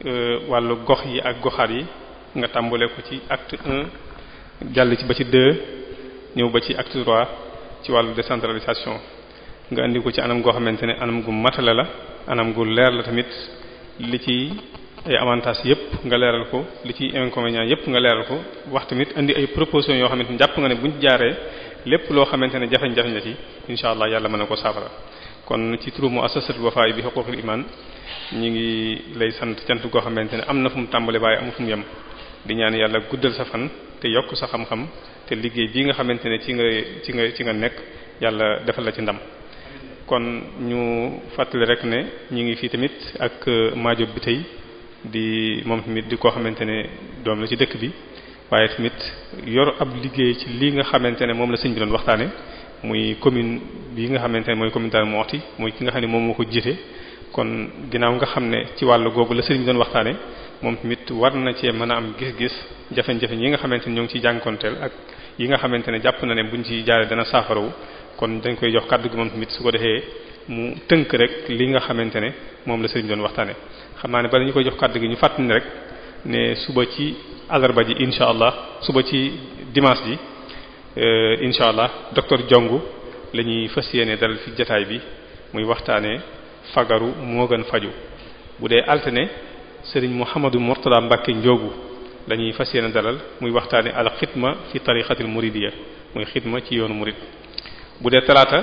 euh, wàllu gox yi ak goxaat yi nga tàmbale ko ci acte un jàll ci ba ci deux ñëw ba ci acte trois. ci wàllu décentralisation nga indi ko ci anam goo xamante ne anam gu matale la anam gu leer la tamit li ci ay avantages yëpp nga leeral ko li ci inconvénients yëpp nga leeral ko wax tamit indi ay propositions yoo xamante ne jàpp nga ne buñ jaaree lépp loo xamante ne jafe-jafe la ci incha allah yàlla mën na ko saafara kon ci turu mu assasatul Wafa bi huquqil iman ñu ngi lay sant cant goo xamante ne am na fu mu tàmbale waaye amu fu mu yem di ñaan yàlla guddal sa fan. te yokk sa xam-xam te liggéey bii nga xamante ne ci nga ci nga ci nga nekk yàlla defal la ci ndam kon ñu fàttali rek ne ñu ngi fii tamit ak euh, maajob bi tey di moom tamit di koo xamante ne doom la ci dëkk bi waaye tamit yor ab liggéey ci lii nga xamante ne moom la sëñ bi doon waxtaane muy commune bi nga xamante ne mooy commune Darou Moukhty mooy ki nga xam ne moom moo ko jiite kon ginnaaw nga xam ne ci wàll googu la sëriñ bi doon waxtaane moom tamit war na cee mën a am jafe-jafe yi nga xamante ne ñoo ngi ciy jànkonteel ak yi nga xamante ne jàpp na ne ñu ci jaaree dana saafarawu kon dañ koy jox kàddu gi moom tamit su ko defee mu tënk rek li nga xamante ne moom la sëriñ doon waxtaane xam naa ne bala ñu koy jox kàddu gi ñu fàttali ne rek ne suba ci alarba ji incha allah suba ci dimanche ji euh, incha allah docteur Diongu la ñuy fas yéene dalal fi jataay bi muy waxtaanee fagaru moo gën faju bu dee alterné sëriñ Mouhamadou Mourtada Mbacke njoogu dañuy fas dalal muy waxtaane al khitma fi tariqatil muridiyya muy khitma ci yoonu murid bu dee talaata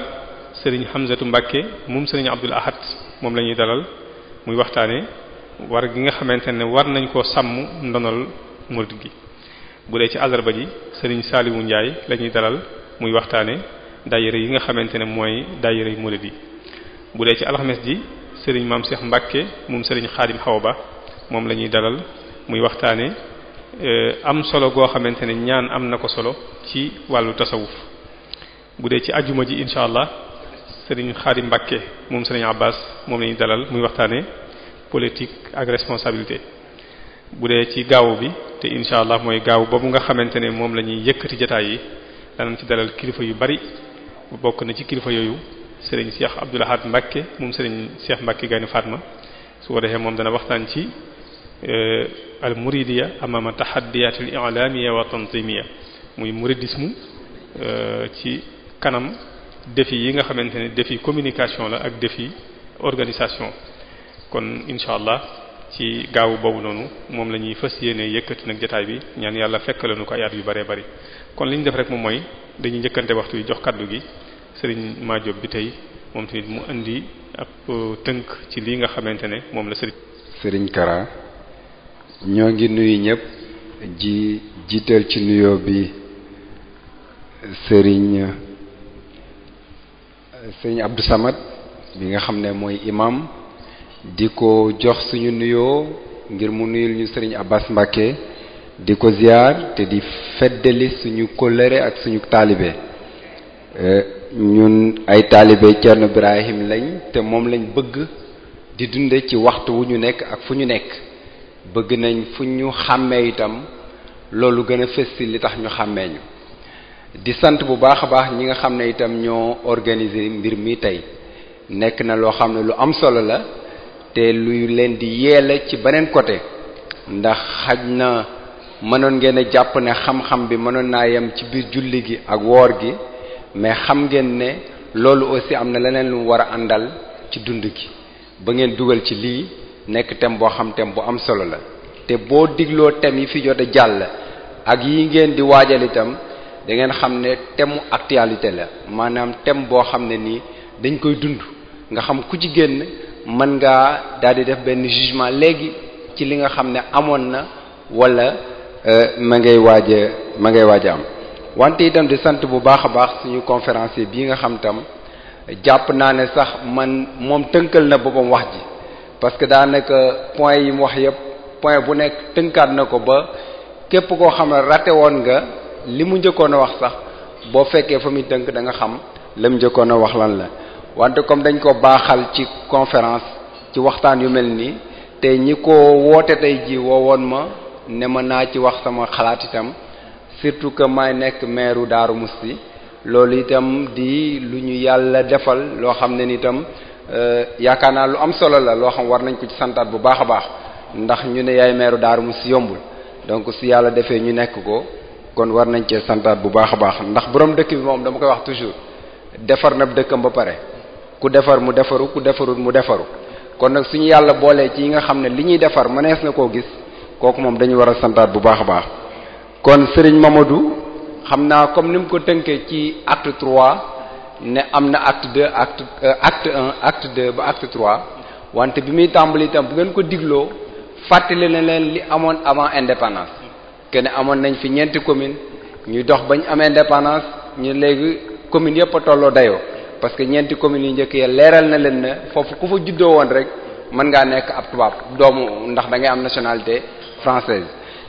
sëriñ Hamzatu Mbàkke moom Abdul Ahad mom lañuy dalal muy waxtaane war gi nga xamantene war nañ ko sam ndonal murid gi bu ci àllarba ji sëriñ Saaliwu Njaay la dalal muy waxtaane daayira yi nga xamantene moy daayira yu murid yi bu ci alxames ji sëriñ mam Cheikh mbake moom serigne khadim hawba mom lañuy dalal muy waxtane Euh, am solo goo xamante ne ñaan am na ko solo ci wàllu tasawuf bu dee ci ajuma ji incha allah sëriñ xaari Mbàkke moom sëriñ Abbas moom lañu dalal muy waxtaane politique ak responsabilité bu dee ci gaaw bi te incha allah mooy gaaw boobu nga xamante ne moom la ñuy yëkkati jataay yi danañ ci dalal kilifa yu bari bokk na ci kilifa yooyu sëriñ Cheikh Abdoul Ahad Mbàkke moom sëriñ Cheikh Mbàkke Gaynde Fatma su ko defee moom dana waxtaan ci almuridiya amama taxaddiyaat al i'lamiya wa tanzimiya muy mouridisme ci kanam défi yi nga xamante ne défi communication la ak défi organisation kon incha allah ci gaawu boobu noonu moom la ñuy fas yéene yëkkati nag jotaay bi ñaan yàlla fekk lañu ko ay at yu bëree bëri kon li ñu def rek moom mooy dañuy njëkkante waxtu yi jox kaddu gi sëriñ Madiob bi tey moom tamit mu indi ab tënk ci lii nga xamante ne moom la sëriñ. sëriñ Kara. ñoo ngi nuyu ñëpp ji jiital ci nuyoo bi sëriñ sëriñ Abdou Samad bi nga xam ne mooy imam di ko jox suñu nuyoo ngir mu nuyul ñu sëriñ Abbas Mbacké di ko ziar te di feddali suñu kóllëre ak suñu taalibe euh, ñun ay taalibe Thierno Ibrahim lañ te moom lañ bëgg di dunde ci waxtu wu ñu nekk ak fu ñu nekk bëgg nañ fu ñu xàmmee itam loolu gën a fës li tax ñu xàmmeeñu di sant bu baax a baax ñi nga xam ne itam ñoo organiser mbir mii tey nekk na loo xam ne lu am solo la te luy leen di yeele ci beneen côté ndax xaj na mënoon ngeen a jàpp ne xam-xam bi mënoon naa yem ci biir julli gi ak woor gi mais xam ngeen ne loolu aussi am na leneen lu mu war a àndal ci dund gi ba ngeen dugal ci lii nekk thème boo xam thème bu am solo la te boo digloo thème yi fi jot a jàll ak yi ngeen di waajal itam da ngeen xam ne thème actualité la maanaam thème boo xam ne nii dañ koy dund nga xam ku ci génn man ngaa daal di def benn jugement léegi ci li nga xam ne amoon na wala euh, ma ngay waaj ma ngay waaj am wante itam di sant bu baax a baax suñu conférencier bii nga xam tam jàpp naa ne sax man moom tënkal na boppam wax ji parce que daanaka point yi mu wax yëpp point bu nekk tënkaat na ko ba képp koo xam ne raté woon nga li mu njëkkoon a wax sax boo fekkee fa muy tënk da nga xam la mu njëkkoon a wax lan la wante comme dañ ko baaxal ci conférence ci waxtaan yu mel nii te ñi ko woote tey ji woowoon ma ne ma naa ci wax sama xalaat itam surtout que may nekk maire Darou Moukhty loolu itam di lu ñu yàlla defal loo xam ne ni itam Euh, yaakaar naa lu am solo la loo xam war nañ ko ci santaat bu baax a baax ndax ñu ne yaay meeru daaru mu si yombul donc su yàlla defee ñu nekk ko kon war nañ cee santaat bu baax a baax ndax borom dëkk bi moom dama koy wax toujours defar na dëkkam ba pare ku defar mu defaru ku defarul mu defaru kon nag suñu yàlla boolee ci yi nga xam ne li ñuy defar mënees na koo gis kooku moom dañu war a santaat bu baax a baax kon Serigne Mamadou xam naa comme ni mu ko tënkee ci acte trois acte act acte euh, acte un acte deux ba acte trois wante bi mi tambali avons bu ngeen ko diglo fàttali na Nous li amone avant indépendance ne amone nañ fi avons commune ñu dox bañ am indépendance ñu commune parce que avons communes yi Nous ya léral na Nous avons ku fa juddo won rek Nous nga ab doomu ndax da ngay am nationalité française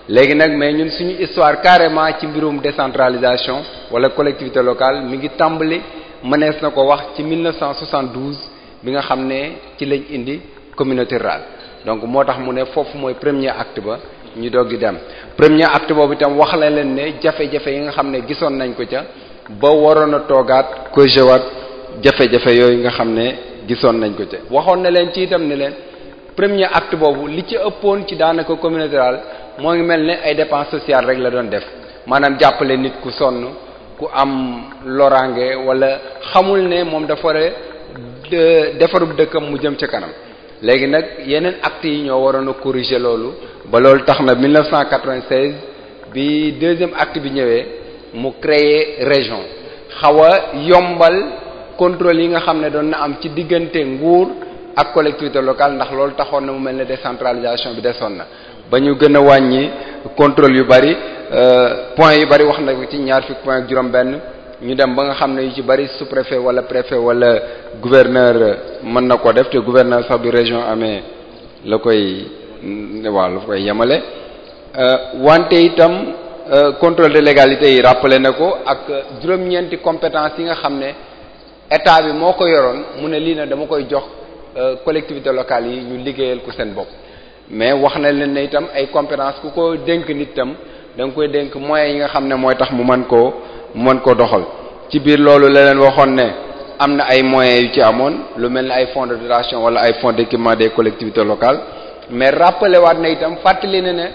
Nous nak mais ñun suñu histoire carrément ci mbirum décentralisation wala collectivité locale mi ngi tambalé mënees na ko wax ci 1972 bi nga xam ne ci lañ indi communauté rurale donc moo tax mu ne foofu mooy premier act ba ñu doog di dem premier act boobu itam wax la leen ne jafe-jafe yi nga xam ne gisoon nañ ko ca ba waroon a toogaat kojewaat jafe-jafe yooyu nga xam ne gisoon nañ ko ca waxoon na leen ci itam ne leen premier act boobu li ci ëppoon ci daanaka communauté rurale moo ngi mel ne ay dépenses sociale rek la doon def maanaam jàppale nit ku sonn ku am loraange wala xamul ne moom dafa defarub dëkkam mu jëm ci kanam léegi nag yeneen act yi ñoo waroon a corriger loolu ba loolu tax na 1996 bi deuxième act bi ñëwee mu créer région xaw a yombal contrôle yi nga xam ne doon na am ci diggante nguur ak collectivité locale ndax loolu taxoon na mu mel ne centralisation bi desoon na ba ñu gën a wàññi contrôle yu bari euh, point yu bari wax na ci ñaar fukki point juróom-benn ñu dem ba nga xam ne yu ci bari sous-préfet wala préfet wala gouverneur mën na ko def te gouverneur sax bi région amee la koy mm, waaw la koy yemale euh, wante itam euh, contrôle de légalité yi rappelé na ko ak juróom-ñeenti compétence yi nga xam ne état bi moo ko yoroon mu ne lii na dama koy jox collectivité locale yi ñu liggéeyal ko seen bopp mais wax na leen ne itam ay compétence ku ko dénk nit itam da nga koy dénk moyens yi nga xam ne mooy tax mu man koo mën koo doxal ci biir loolu la leen waxoon ne am na ay moyens yu ci amoon lu mel ni ay fonds de dotation wala ay fonds d'équipement des collectivités locale mais rappelé waat na itam fàttali na ne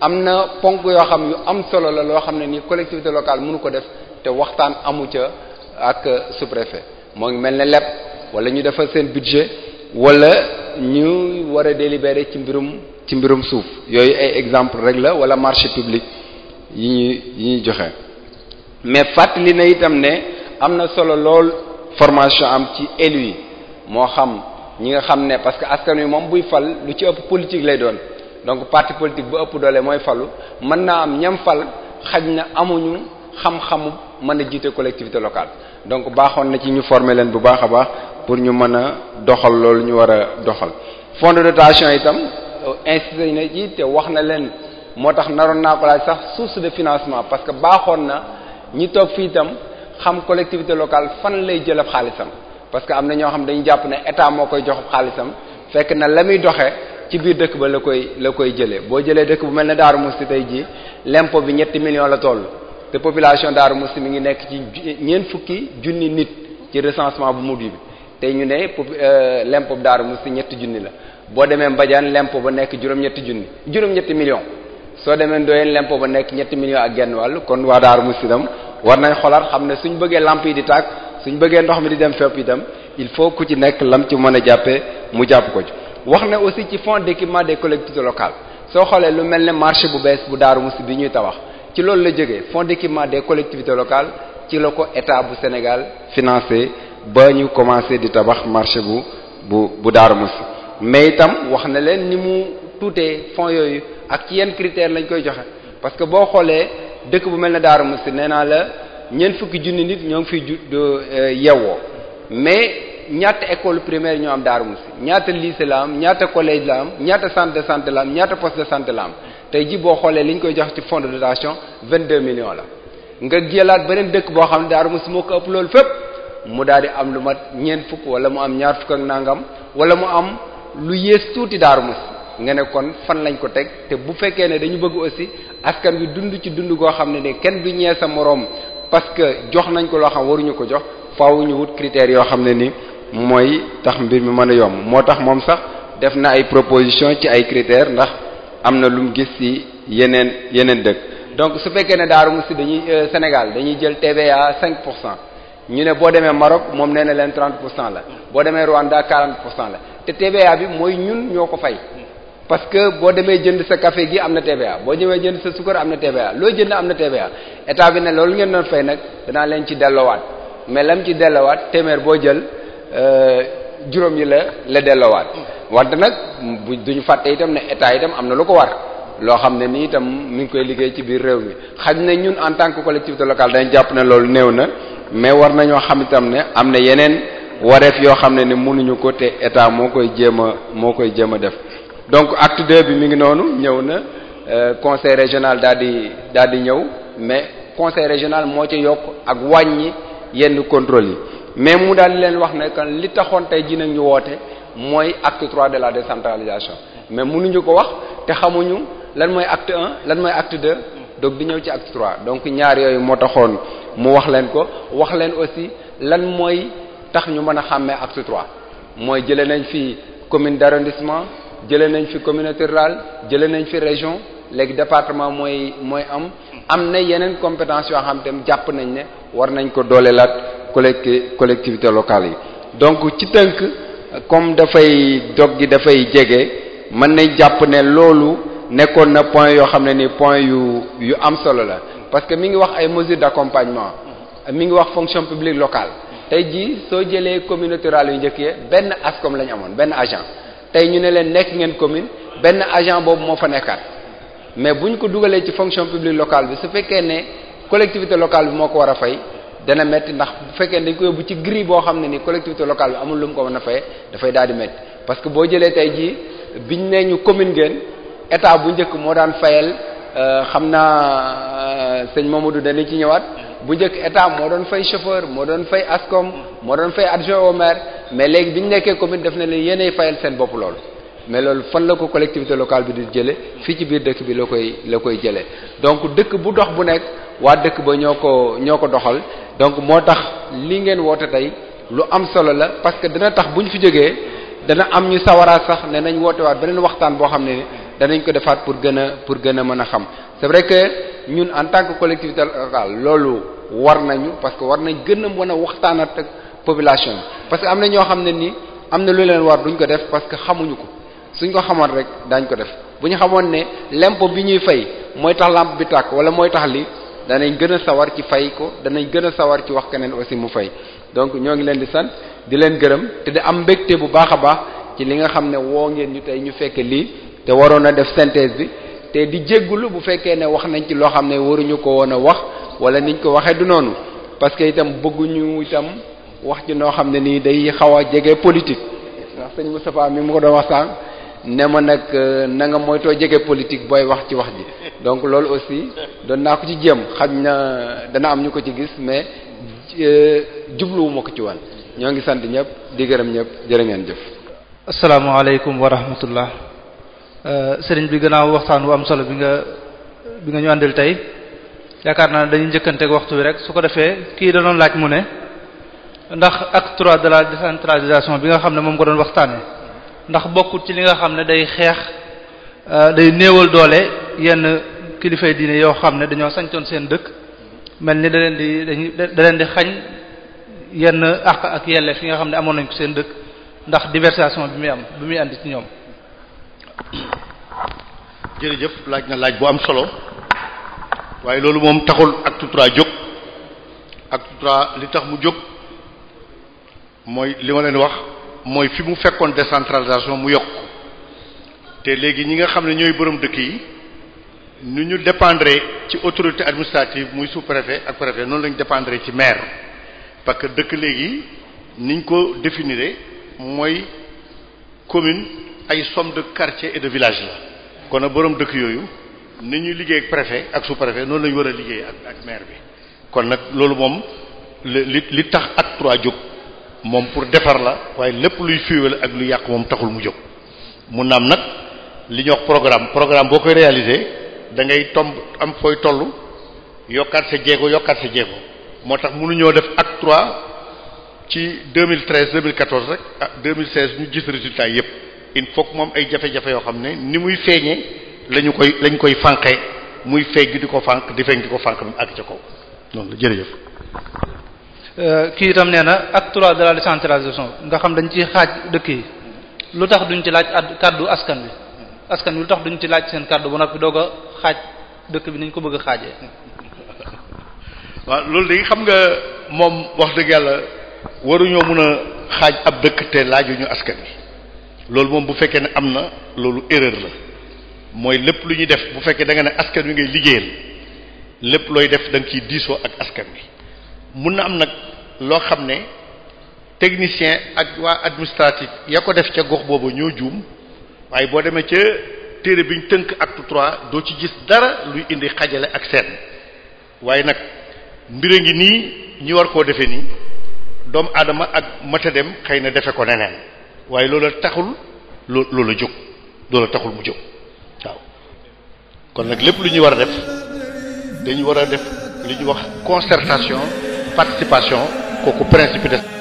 am na ponk yoo xam yu am solo la loo xam ne ni collectivité locale munu ko def te waxtaan amu ca ak sous-préfet moo ngi mel ne lepp wala ñu defal seen budget wala ñu wara délibérer ci mbirum ci mbirum exemple rek la wala marché public yi ñi mais na itam ne am solo lol formation am ci élu mo xam ñi nga parce que buy fal lu ci ëpp politique lay doon donc parti politique bu ëpp doole moy falu am ñam fal xajna amuñu xam collectivité locale donc baxon na ci ñu former bu pour ñu mën a doxal loolu ñu war a doxal fonds de dotation itam insisté na ji te wax na leen moo tax naroon naa ko sax source de financement parce que baaxoon na ñi toog fii itam xam collectivité locale fan lay jëlab xaalisam parce que am na ñoo xam dañu jàpp ne état moo koy jox xaalisam fekk na la muy doxee ci biir dëkk ba la koy la koy jëlee boo jëlee dëkk bu mel ne Darou Moukhty tey jii l'impôt bi ñetti million la toll te population Darou Moukhty mi ngi nekk ci ñeent fukki junni nit ci recensement bu mujj bi tey ñu ne pour euh, lempo daaru musi ñetti junni la boo demee Mbadiane lempo ba nekk juróom junni juróom-ñetti soo demee Ndoyeen lempo ba nekk ñetti million ak genn wàll kon waa daaru musi itam war nañ xolaat xam ne suñ bëggee lamp yi di tàkk suñ bëggee mi di dem fépp itam il faut ku ci nekk lam ci mën a jàppee mu jàpp ko ci wax na aussi ci fonds d'équipement des collectivités locales soo xoolee lu mel ne marché bu bees bu daaru musi bi ñuy tabax ci loolu la jógee fonds d'équipement de collectivités locales ci la ko état bu Sénégal financé ba ñu commencé di tabax marché bu bu bu Darou Moukhty mais itam wax na leen ni mu tuutee fonds yooyu ak ci yenn critères lañ koy joxe parce que boo xoolee dëkk bu mel ne Darou Moukhty nee neenaa la ñeen fukki junni nit ñoo ngi fiy ju euh, yewwoo mais ñaata école primaire ñoo am Darou Moukhty ñaata lycée la am ñaata collège la am ñaata cent de santé la am ñaata poste de cent la am tey ji boo xoolee li koy jox ci fonds de dotation 22 millions la nga jëlaat beneen dëkk boo xam ne Darou Moukhty moo ko loolu fépp mu daal di am lu mat ñeent fukk wala mu am ñaar fukk ak nangam wala mu am lu yées tuuti daaru mus nga ne kon fan lañ ko teg te bu fekkee ne dañu bëgg aussi askan bi dund ci dund goo xam ne ni kenn du ñee sa moroom parce que jox nañ ko loo xam waruñu ko jox faaw ñu wut critères yoo xam ne ni mooy tax mbir mi mën a yomb moo tax moom sax def na ay proposition ci ay critères ndax am na lu mu gis ci yeneen yeneen dëkk donc su fekkee ne daaru mus dañuy euh, Sénégal dañuy jël TVA 5 pour cent ñu ne boo demee Maroc moom nee na leen 30 pour cent la boo demee Rwanda 40 pour cent la te TVA bi mooy ñun ñoo ko fay parce que boo demee jënd sa café gi am na TVA boo ñëwee jënd sa suukar am na TVA loo jënd am na TVA état bi ne loolu ngeen doon fay nag danaa leen ci delloowaat mais lam ci delloowaat téeméer boo jël euh, juróom yi la la delloowaat wante nag bu duñu fàtte itam ne état itam am na lu ko war loo xam ne nii itam mu ngi koy liggéey ci biir réew mi xaj na ñun en tant que collectivité locale dañ jàpp ne loolu néew na mais war nañoo xam itam ne am na yeneen wareef yoo xam ne ni mënuñu ko te état moo koy jéem a moo koy jéem a def donc acte deux bi mi ngi noonu ñëw na euh, conseil régional daal di daal di ñëw mais conseil régional moo ci yokk ak wàññi yenn contrôle yi mais mu daal di leen wax ne li taxoon tey ji nag ñu woote mooy acte trois de la décentralisation mais mënuñu ko wax te xamuñu lan mooy acte un lan mooy acte deux donc di ñëw ci acte trois donc ñaar yooyu moo taxoon mu wax leen ko wax leen aussi lan mooy tax ñu mën a xàmmee acte trois mooy jëlee nañ fi commune d'arrondissement jëlee nañ fi communauté rurale jëlee nañ fi région léegi département mooy mooy am am na yeneen compétence yoo xam te jàpp nañ ne war nañ ko dooleelaat collecti collectivité locale yi donc ci tënk comme dafay dog gi dafay jege mën nañ jàpp ne loolu nekkoon na point yoo xam ne ni point yu yu am solo la parce que mi ngi wax ay mesures d'accompagnement mi ngi wax fonction publique local tey jii soo jëlee commune rurale yu njëkk yi benn ASCOM la ñu amoon benn agent tey ñu ne leen nekk ngeen commune benn agent boobu moo fa nekkaat mais bu ñu ko dugalee ci fonction publique local bi su fekkee ne collectivité local bi moo ko war a fay dana metti ndax bu fekkee ne dañ ko bu ci grille boo xam ne ni collectivité local bi amul lu mu ko mën a fay dafay daal di metti parce que boo jëlee tey jii biñ ne ñu commune ngeen état bu njëkk moo daan fayal Euh, xam naa du euh, Mamadou dana ci ñëwaat bu njëkk état moo doon fay chauffeur moo doon fay ASCOM moo doon fay adjoint au mais léegi bi ñu nekkee commune def na leen yéenay fayal seen bopp loolu mais loolu fan la ko collectivité locale bi di jële fii ci biir dëkk bi la koy la koy jëlee donc dëkk bu dox bu nekk waa dëkk ba ñoo ko ñoo ko doxal donc moo tax li ngeen woote tey lu am solo la parce que dana tax bu ñu fi jógee dana am ñu sawaraat sax ne nañ woote beneen waxtaan boo xam ne danañ ko defaat pour gën a pour gën a mën a xam c'est vrai que ñun en tant que collectivité locale loolu war nañu parce que war nañ gën a mën a waxtaanat ak population bi parce que am na ñoo xam ne ni am na lu leen war duñ ko def parce que xamuñu ko suñ ko xamoon rek daañ ko def bu ñu xamoon ne l'impôt bi ñuy fay mooy tax lampe bi tàkk wala mooy tax li danañ gën a sawar ci fay ko danañ gën a sawar ci wax keneen aussi mu fay donc ñoo ngi leen di sant di leen gërëm te di am mbégte bu baax a baax ci li nga xam ne woo ngeen ñu tey ñu fekk lii te waroon a def synthèse bi te di jéggulu bu fekkee ne wax nañ ci loo xam ne waruñu ko woon a wax wala niñ ko waxee du noonu parce que itam bëgguñu itam wax ci noo xam ne nii day xaw a jege politique ndax sëñ Moustapha mi mu ko doon wax sànq ne ma nag euh, na nga moytoo jege politique booy wax ci wax ji donc loolu aussi doon naa ko ci jéem xañ na dana am ñu ko ci gis mais euh, jubluwuma ko ci woon ñoo ngi sant ñëpp di gërëm ñëpp jërë ngeen jëf. asalaamaaleykum wa rahmatullah Eh, sëriñ bi gënaaw waxtaan wu am solo bi nga bi nga ñu àndil tey yaakaar naa dañuy njëkkanteeg waxtu bi rek su ko defee kii da doon laaj mu ne ndax acte trois de la décentralisation bi nga xam ne moom ko doon waxtaanee ndax bokkut ci li nga xam ne day xeex day néewal doole yenn kilifay diine yoo xam ne dañoo sañtoon seen dëkk mel ni da leen di dañuy da leen di xañ yenn àq ak yelleef yi nga xam ne amoon nañ ko seen dëkk ndax diversification bi muy am bi muy andi ci ñoom. jërëjëf laaj na laaj bu am solo waaye loolu moom taxul acte trois jóg acte trois li tax mu jóg mooy li ma leen wax mooy fi mu fekkoon décentralisation mu yokk te léegi ñi nga xam ne ñooy borom dëkk yi nu ñu dépendre ci autorité administrative muy sous-préfet ak préfet noonu lañu dépendre ci maire parce que dëkk léegi niñ ko définir mooy commune ay somme de quartier et de village la kon nag borom dëkk yooyu ni ñuy liggéey ak préfet ak sous-préfet noonu lañu war a liggéey ak ak maire bi kon nag loolu moom li li tax ak trois jóg moom pour defar la waaye lépp luy fiiwal ak lu yàq moom taxul mu jóg mu naam nag li ñuy wax programme programme boo koy réaliser da ngay tomb am fooy toll yokkaat sa jéego yokkaat sa jéego moo tax mënuñoo def acte trois ci 2013 2014 rek ah 2016 ñu gis résultat yépp il faut moom ay jafe-jafe yoo xam ne ni muy feeñee lañu koy lañ koy fànqee muy feeñ di ko fànq di feeñ di ko fànq bi àgg ca kaw noonu euh, la kii itam nee na acte trois de la décentralisation nga xam dañ ciy xaaj dëkk yi lu tax duñ ci laaj kàddu askan bi askan bi tax duñ ci laaj seen kàddu ba noppi doog xaaj dëkk bi niñ ko bëgg a waaw loolu léegi xam nga moom wax dëgg yàlla waruñoo mën a xaaj ab dëkk te laajuñu askan bi loolu moom bu fekkee ne am na loolu erreur la mooy lépp lu ñuy def bu fekkee da nga ne askan wi ngay liggéeyal lépp looy def da nga ciy diisoo ak askan wi mun na am nag loo xam ne technicien ak waa administratif ya ko def ca gox boobu ñoo juum waaye boo demee ca téere bi ñu tënk acte trois doo ci gis dara luy indi xajale ak seen waaye nag mbir ngi nii ñu war koo defee nii doomu aadama ak matadem xëy na defe ko neneen waaye loola taxul loo loola jóg loola taxul mu jóg waaw kon nag lépp lu ñuy war a def dañuy war a def li ñuy wax concertation participation kooku principe def